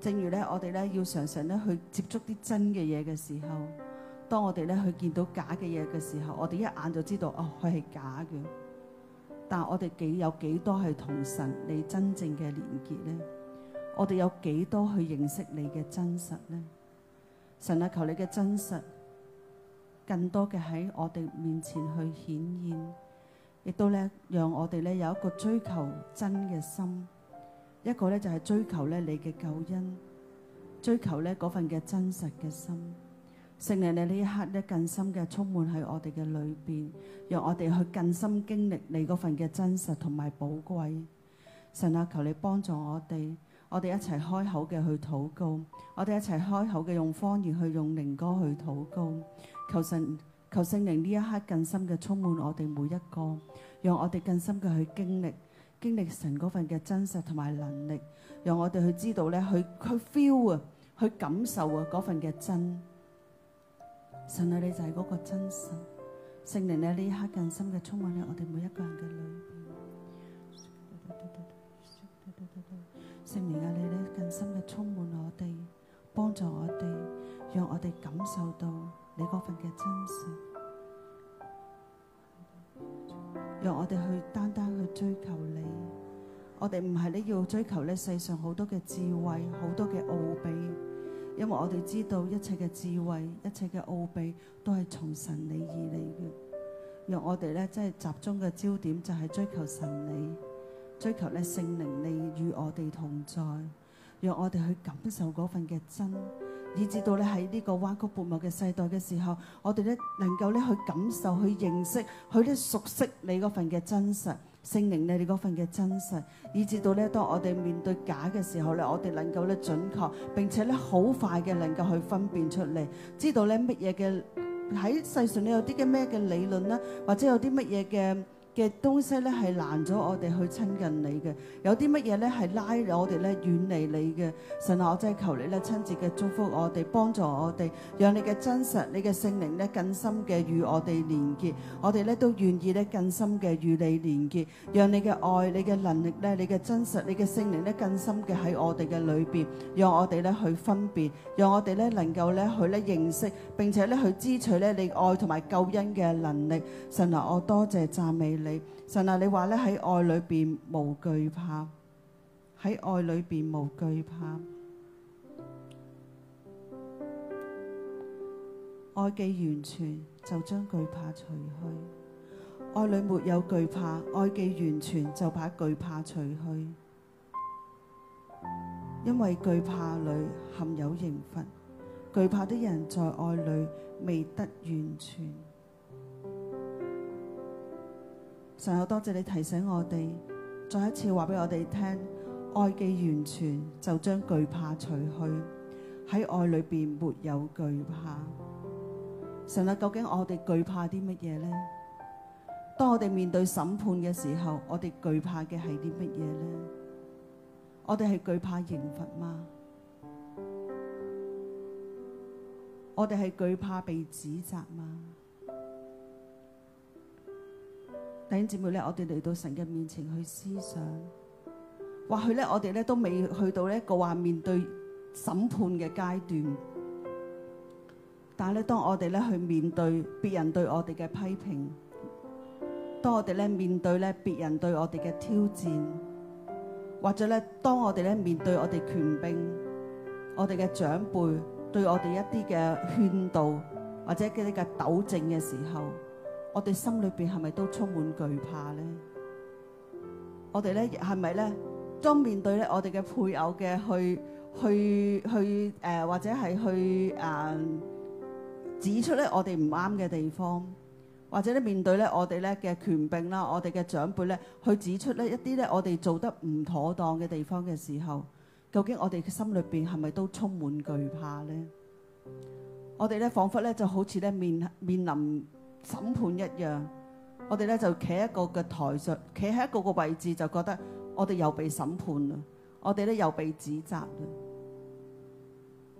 正如咧，我哋咧要常常咧去接觸啲真嘅嘢嘅時候，當我哋咧去見到假嘅嘢嘅時候，我哋一眼就知道哦，佢係假嘅。但我哋幾有幾多係同神你真正嘅連結咧？我哋有幾多去認識你嘅真實咧？神啊，求你嘅真實。更多嘅喺我哋面前去顯現，亦都咧讓我哋咧有一個追求真嘅心，一個咧就係、是、追求咧你嘅救恩，追求咧嗰份嘅真實嘅心。聖靈你呢一刻咧更深嘅充滿喺我哋嘅裏邊，讓我哋去更深經歷你嗰份嘅真實同埋寶貴。神啊，求你幫助我哋。我哋一齊開口嘅去禱告，我哋一齊開口嘅用方言去用靈歌去禱告，求神求聖靈呢一刻更深嘅充滿我哋每一個，讓我哋更深嘅去經歷經歷神嗰份嘅真實同埋能力，讓我哋去知道咧，去去 feel 啊，去感受啊嗰份嘅真。神啊，你就係嗰個真實，聖靈咧呢一刻更深嘅充滿喺我哋每一個人嘅裏邊。聖靈嘅你咧，更深嘅充滿我哋，幫助我哋，讓我哋感受到你嗰份嘅真實，讓我哋去單單去追求你。我哋唔係你要追求咧世上好多嘅智慧，好多嘅奧秘，因為我哋知道一切嘅智慧、一切嘅奧秘都係從神理而嚟嘅。讓我哋咧，即係集中嘅焦點就係追求神理。追求咧聖靈你與我哋同在，讓我哋去感受嗰份嘅真，以至到咧喺呢個彎曲悖謬嘅世代嘅時候，我哋咧能夠咧去感受、去認識、去咧熟悉你嗰份嘅真實，聖靈你哋嗰份嘅真實，以至到咧當我哋面對假嘅時候咧，我哋能夠咧準確並且咧好快嘅能夠去分辨出嚟，知道咧乜嘢嘅喺世上你有啲嘅咩嘅理論咧，或者有啲乜嘢嘅嘅東西咧係攔咗我哋去親近你嘅，有啲乜嘢咧係拉我哋咧遠離你嘅？神啊，我真係求你咧親自嘅祝福我哋，幫助我哋，讓你嘅真實你嘅聖靈咧更深嘅與我哋連結，我哋咧都願意咧更深嘅與你連結，讓你嘅愛你嘅能力咧、你嘅真實你嘅聖靈咧更深嘅喺我哋嘅裏邊，讓我哋咧去分辨，讓我哋咧能夠咧去咧認識並且咧去支取咧你愛同埋救恩嘅能力。神啊，我多謝讚美。神你神啊，你話呢？喺愛裏邊無懼怕，喺愛裏邊無懼怕。愛既完全，就將懼怕除去。愛裏沒有懼怕，愛既完全，就把懼怕除去。因為懼怕裏含有刑罰，懼怕的人在愛裏未得完全。神啊，多謝你提醒我哋，再一次話俾我哋聽，愛嘅完全，就將懼怕除去。喺愛裏邊沒有懼怕。神啊，究竟我哋懼怕啲乜嘢呢？當我哋面對審判嘅時候，我哋懼怕嘅係啲乜嘢呢？我哋係懼怕刑罰嗎？我哋係懼怕被指責嗎？弟兄姐妹咧，我哋嚟到神嘅面前去思想，或許咧我哋咧都未去到呢個話面對審判嘅階段，但係咧當我哋咧去面對別人對我哋嘅批評，當我哋咧面對咧別人對我哋嘅挑戰，或者咧當我哋咧面對我哋權柄、我哋嘅長輩對我哋一啲嘅勸導，或者一啲嘅糾正嘅時候。我哋心裏邊係咪都充滿懼怕呢？我哋咧係咪咧，當面對咧我哋嘅配偶嘅去去去誒、呃，或者係去啊、呃、指出咧我哋唔啱嘅地方，或者咧面對咧我哋咧嘅權柄啦，我哋嘅長輩咧去指出呢一啲咧我哋做得唔妥當嘅地方嘅時候，究竟我哋嘅心裏邊係咪都充滿懼怕呢？我哋咧彷彿咧就好似咧面面臨審判一樣，我哋咧就企喺一個嘅台上，企喺一個個位置，就覺得我哋又被審判啦，我哋咧又被指責啦。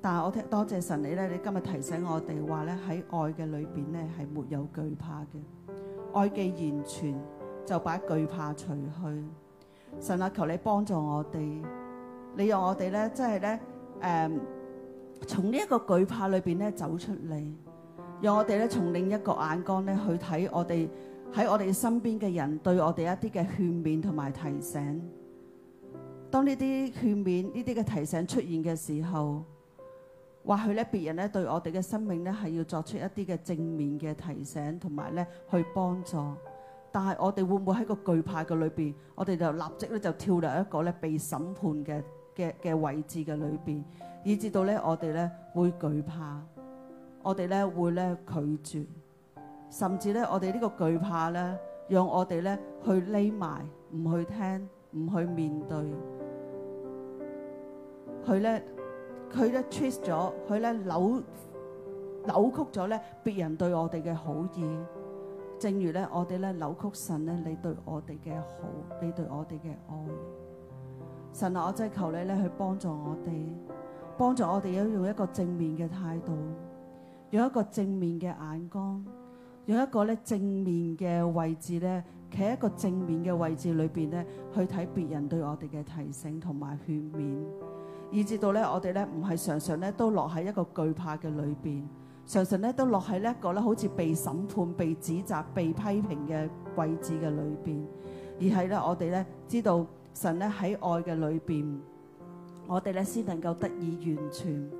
但係我聽多謝神你咧，你今日提醒我哋話咧，喺愛嘅裏邊咧係沒有懼怕嘅，愛既完全就把懼怕除去。神啊，求你幫助我哋，你讓我哋咧，即係咧，誒，從呢一個懼怕裏邊咧走出嚟。讓我哋咧從另一個眼光咧去睇我哋喺我哋身邊嘅人對我哋一啲嘅勸勉同埋提醒。當呢啲勸勉呢啲嘅提醒出現嘅時候，或許咧別人咧對我哋嘅生命咧係要作出一啲嘅正面嘅提醒同埋咧去幫助。但係我哋會唔會喺個懼怕嘅裏邊，我哋就立即咧就跳入一個咧被審判嘅嘅嘅位置嘅裏邊，以致到咧我哋咧會懼怕。我哋咧會咧拒絕，甚至咧我哋呢個懼怕咧，讓我哋咧去匿埋，唔去聽，唔去面對。佢咧，佢咧 trust 咗，佢咧扭扭曲咗咧，別人對我哋嘅好意，正如咧我哋咧扭曲神咧，你對我哋嘅好，你對我哋嘅愛。神啊，我真係求你咧去幫助我哋，幫助我哋要用一個正面嘅態度。用一個正面嘅眼光，用一個咧正面嘅位置咧，企喺一個正面嘅位置裏邊咧，去睇別人對我哋嘅提醒同埋勸勉，以至到咧我哋咧唔係常常咧都落喺一個懼怕嘅裏邊，常常咧都落喺咧一個咧好似被審判、被指責、被批評嘅位置嘅裏邊，而係咧我哋咧知道神咧喺愛嘅裏邊，我哋咧先能夠得以完全。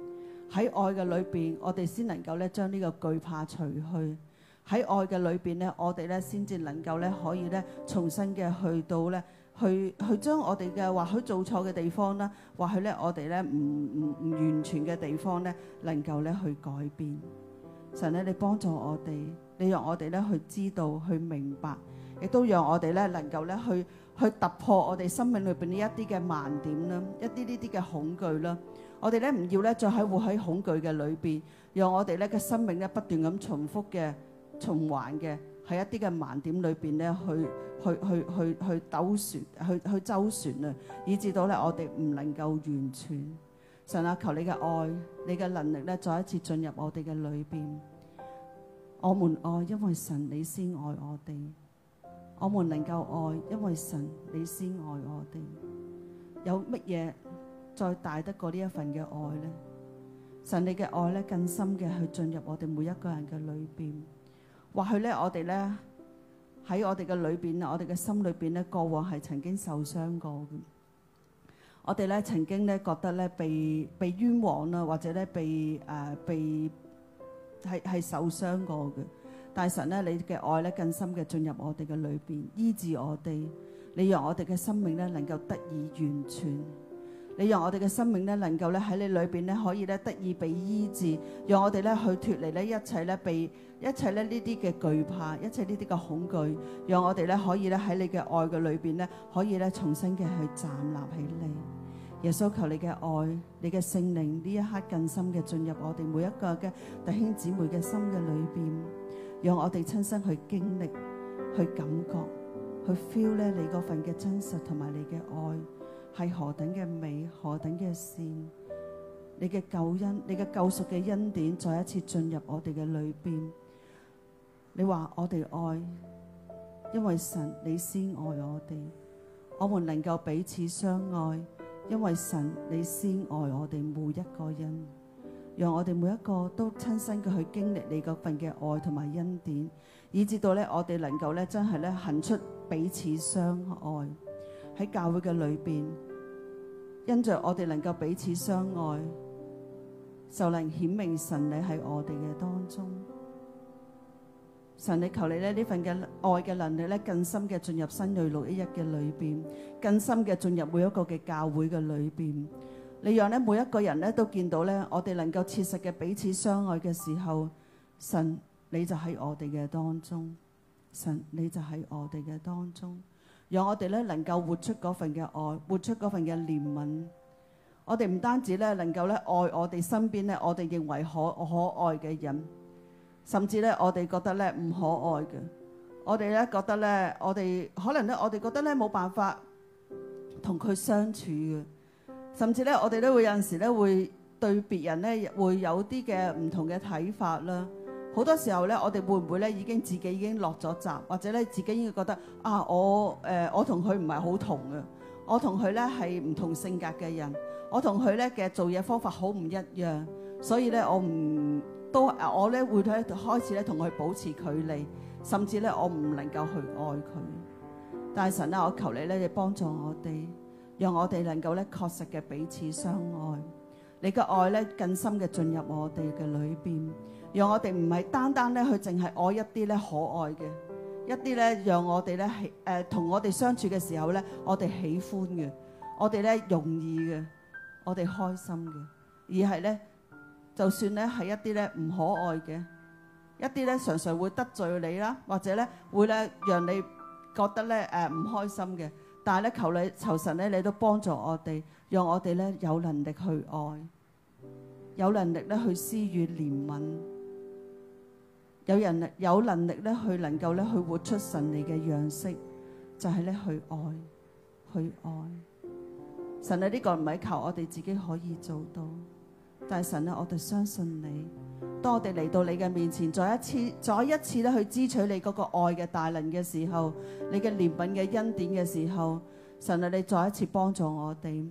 喺愛嘅裏邊，我哋先能夠咧將呢個懼怕除去。喺愛嘅裏邊咧，我哋咧先至能夠咧可以咧重新嘅去到咧去去將我哋嘅或許做錯嘅地方啦，或許咧我哋咧唔唔唔完全嘅地方咧，能夠咧去改變。神咧，你幫助我哋，你讓我哋咧去知道去明白，亦都讓我哋咧能夠咧去去突破我哋生命裏邊呢一啲嘅盲點啦，一啲呢啲嘅恐懼啦。我哋咧唔要咧，再喺活喺恐懼嘅裏邊，讓我哋咧嘅生命咧不斷咁重複嘅循環嘅，喺一啲嘅盲點裏邊咧去去去去去兜旋去去周旋啊，以至到咧我哋唔能夠完全。神啊，求你嘅愛，你嘅能力咧再一次進入我哋嘅裏邊。我們愛，因為神你先愛我哋；我們能夠愛，因為神你先愛我哋。有乜嘢？再大得過呢一份嘅愛咧，神你嘅愛咧更深嘅去進入我哋每一個人嘅裏邊。或許咧，我哋咧喺我哋嘅裏邊啊，我哋嘅心裏邊咧，過往係曾經受傷過嘅。我哋咧曾經咧覺得咧被被冤枉啦，或者咧被誒、呃、被係係受傷過嘅。但係神咧，你嘅愛咧更深嘅進入我哋嘅裏邊，醫治我哋，你讓我哋嘅生命咧能夠得以完全。你讓我哋嘅生命咧，能夠咧喺你裏邊咧，可以咧得以被醫治，讓我哋咧去脫離咧一切咧被一切咧呢啲嘅懼怕，一切呢啲嘅恐懼，讓我哋咧可以咧喺你嘅愛嘅裏邊咧，可以咧重新嘅去站立起嚟。耶穌求你嘅愛，你嘅聖靈呢一刻更深嘅進入我哋每一個嘅弟兄姊妹嘅心嘅裏邊，讓我哋親身去經歷，去感覺，去 feel 咧你嗰份嘅真實同埋你嘅愛。係何等嘅美，何等嘅善！你嘅救恩，你嘅救贖嘅恩典，再一次進入我哋嘅裏邊。你話我哋愛，因為神你先愛我哋，我們能夠彼此相愛，因為神你先愛我哋每一個人。讓我哋每一個都親身嘅去經歷你嗰份嘅愛同埋恩典，以至到咧我哋能夠咧真係咧行出彼此相愛。喺教會嘅裏邊，因着我哋能夠彼此相愛，就能顯明神你喺我哋嘅當中。神你求你咧呢份嘅愛嘅能力咧，更深嘅進入新禾六一一嘅裏邊，更深嘅進入每一個嘅教會嘅裏邊，你讓咧每一個人咧都見到咧，我哋能夠切實嘅彼此相愛嘅時候，神你就喺我哋嘅當中，神你就喺我哋嘅當中。讓我哋咧能夠活出嗰份嘅愛，活出嗰份嘅憐憫。我哋唔單止咧能夠咧愛我哋身邊咧我哋認為可可愛嘅人，甚至咧我哋覺得咧唔可愛嘅，我哋咧覺得咧我哋可能咧我哋覺得咧冇辦法同佢相處嘅，甚至咧我哋都會有陣時咧會對別人咧會有啲嘅唔同嘅睇法啦。好多時候咧，我哋會唔會咧已經自己已經落咗閘，或者咧自己已經覺得啊，我誒我同佢唔係好同啊，我同佢咧係唔同性格嘅人，我同佢咧嘅做嘢方法好唔一樣，所以咧我唔都我咧會喺開始咧同佢保持距離，甚至咧我唔能夠去愛佢。但係神啊，我求你咧，你幫助我哋，讓我哋能夠咧確實嘅彼此相愛，你嘅愛咧更深嘅進入我哋嘅裏邊。讓我哋唔係單單咧去淨係愛一啲咧可愛嘅，一啲咧讓我哋咧喜誒同我哋相處嘅時候咧，我哋喜歡嘅，我哋咧容易嘅，我哋開心嘅，而係咧就算咧係一啲咧唔可愛嘅，一啲咧常常會得罪你啦，或者咧會咧讓你覺得咧誒唔開心嘅，但係咧求你求神咧，你都幫助我哋，讓我哋咧有能力去愛，有能力咧去施予憐憫。有人有能力咧，去能夠咧去活出神嚟嘅樣式，就係、是、咧去愛，去愛。神啊，呢、這個唔係求我哋自己可以做到，但係神啊，我哋相信你。當我哋嚟到你嘅面前，再一次再一次咧去支取你嗰個愛嘅大能嘅時候，你嘅憐憫嘅恩典嘅時候，神啊，你再一次幫助我哋，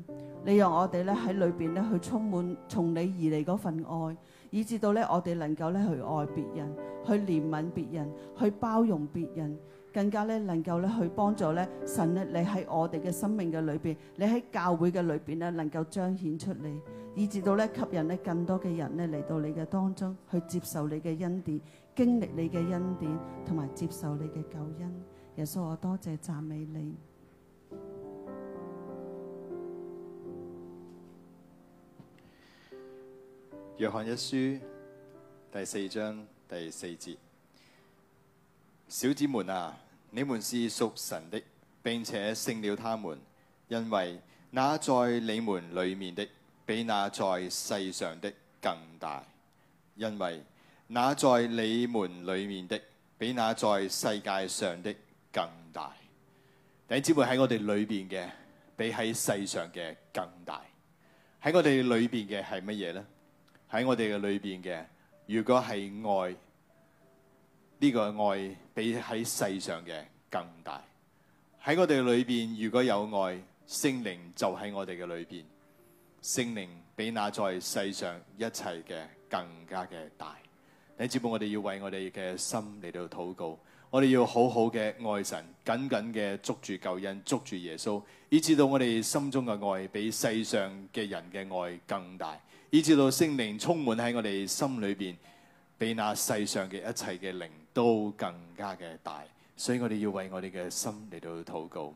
你讓我哋咧喺裏邊咧去充滿從你而嚟嗰份愛。以至到咧，我哋能夠咧去愛別人，去憐憫別人，去包容別人，更加咧能夠咧去幫助咧神咧你喺我哋嘅生命嘅裏邊，你喺教會嘅裏邊咧能夠彰顯出嚟，以至到咧吸引咧更多嘅人咧嚟到你嘅當中去接受你嘅恩典，經歷你嘅恩典，同埋接受你嘅救恩。耶穌，我多謝讚美你。約翰一書第四章第四節，小子們啊，你們是屬神的，並且勝了他們，因為那在你們裏面的比那在世上的更大；因為那在你們裏面的比那在世界上的更大。弟兄姊妹喺我哋裏邊嘅，比喺世上嘅更大；喺我哋裏邊嘅係乜嘢呢？」喺我哋嘅裏邊嘅，如果係愛，呢、這個愛比喺世上嘅更大。喺我哋裏邊如果有愛，聖靈就喺我哋嘅裏邊，聖靈比那在世上一切嘅更加嘅大。你知唔知我哋要為我哋嘅心嚟到禱告？我哋要好好嘅愛神，緊緊嘅捉住救恩，捉住耶穌，以至到我哋心中嘅愛比世上嘅人嘅愛更大。以至到聖靈充滿喺我哋心裏面，比那世上嘅一切嘅靈都更加嘅大，所以我哋要為我哋嘅心嚟到禱告。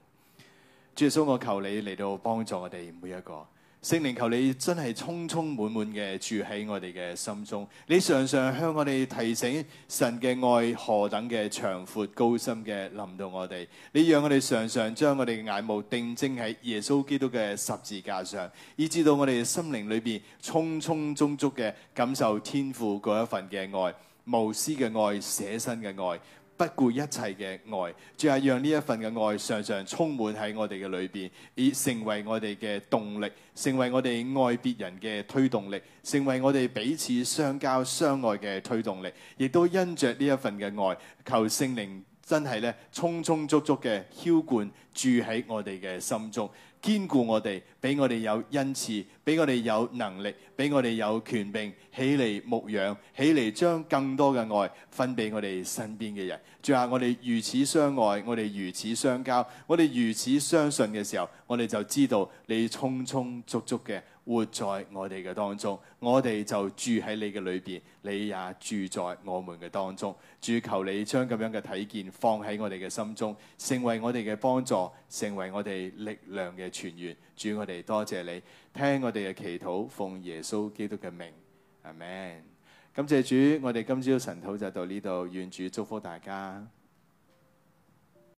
主耶穌，我求你嚟到幫助我哋每一個。聖靈求你真係充充滿滿嘅住喺我哋嘅心中，你常常向我哋提醒神嘅愛何等嘅長闊高深嘅臨到我哋，你讓我哋常常將我哋嘅眼目定睛喺耶穌基督嘅十字架上，以至到我哋心靈裏邊充充足足嘅感受天父嗰一份嘅愛，無私嘅愛，捨身嘅愛。不顧一切嘅愛，仲係讓呢一份嘅愛常常充滿喺我哋嘅裏邊，以成為我哋嘅動力，成為我哋愛別人嘅推動力，成為我哋彼此相交相愛嘅推動力。亦都因着呢一份嘅愛，求聖靈真係咧，充充足足嘅澆灌住喺我哋嘅心中。堅固我哋，俾我哋有恩賜，俾我哋有能力，俾我哋有權柄，起嚟牧養，起嚟將更多嘅愛分俾我哋身邊嘅人。最後我哋如此相愛，我哋如此相交，我哋如此相信嘅時候，我哋就知道你充充足足嘅。活在我哋嘅當中，我哋就住喺你嘅裏邊，你也住在我們嘅當中。主求你將咁樣嘅體驗放喺我哋嘅心中，成為我哋嘅幫助，成為我哋力量嘅泉源。主我哋多謝你，聽我哋嘅祈禱，奉耶穌基督嘅名。阿門。感謝主，我哋今朝神討就到呢度，願主祝福大家。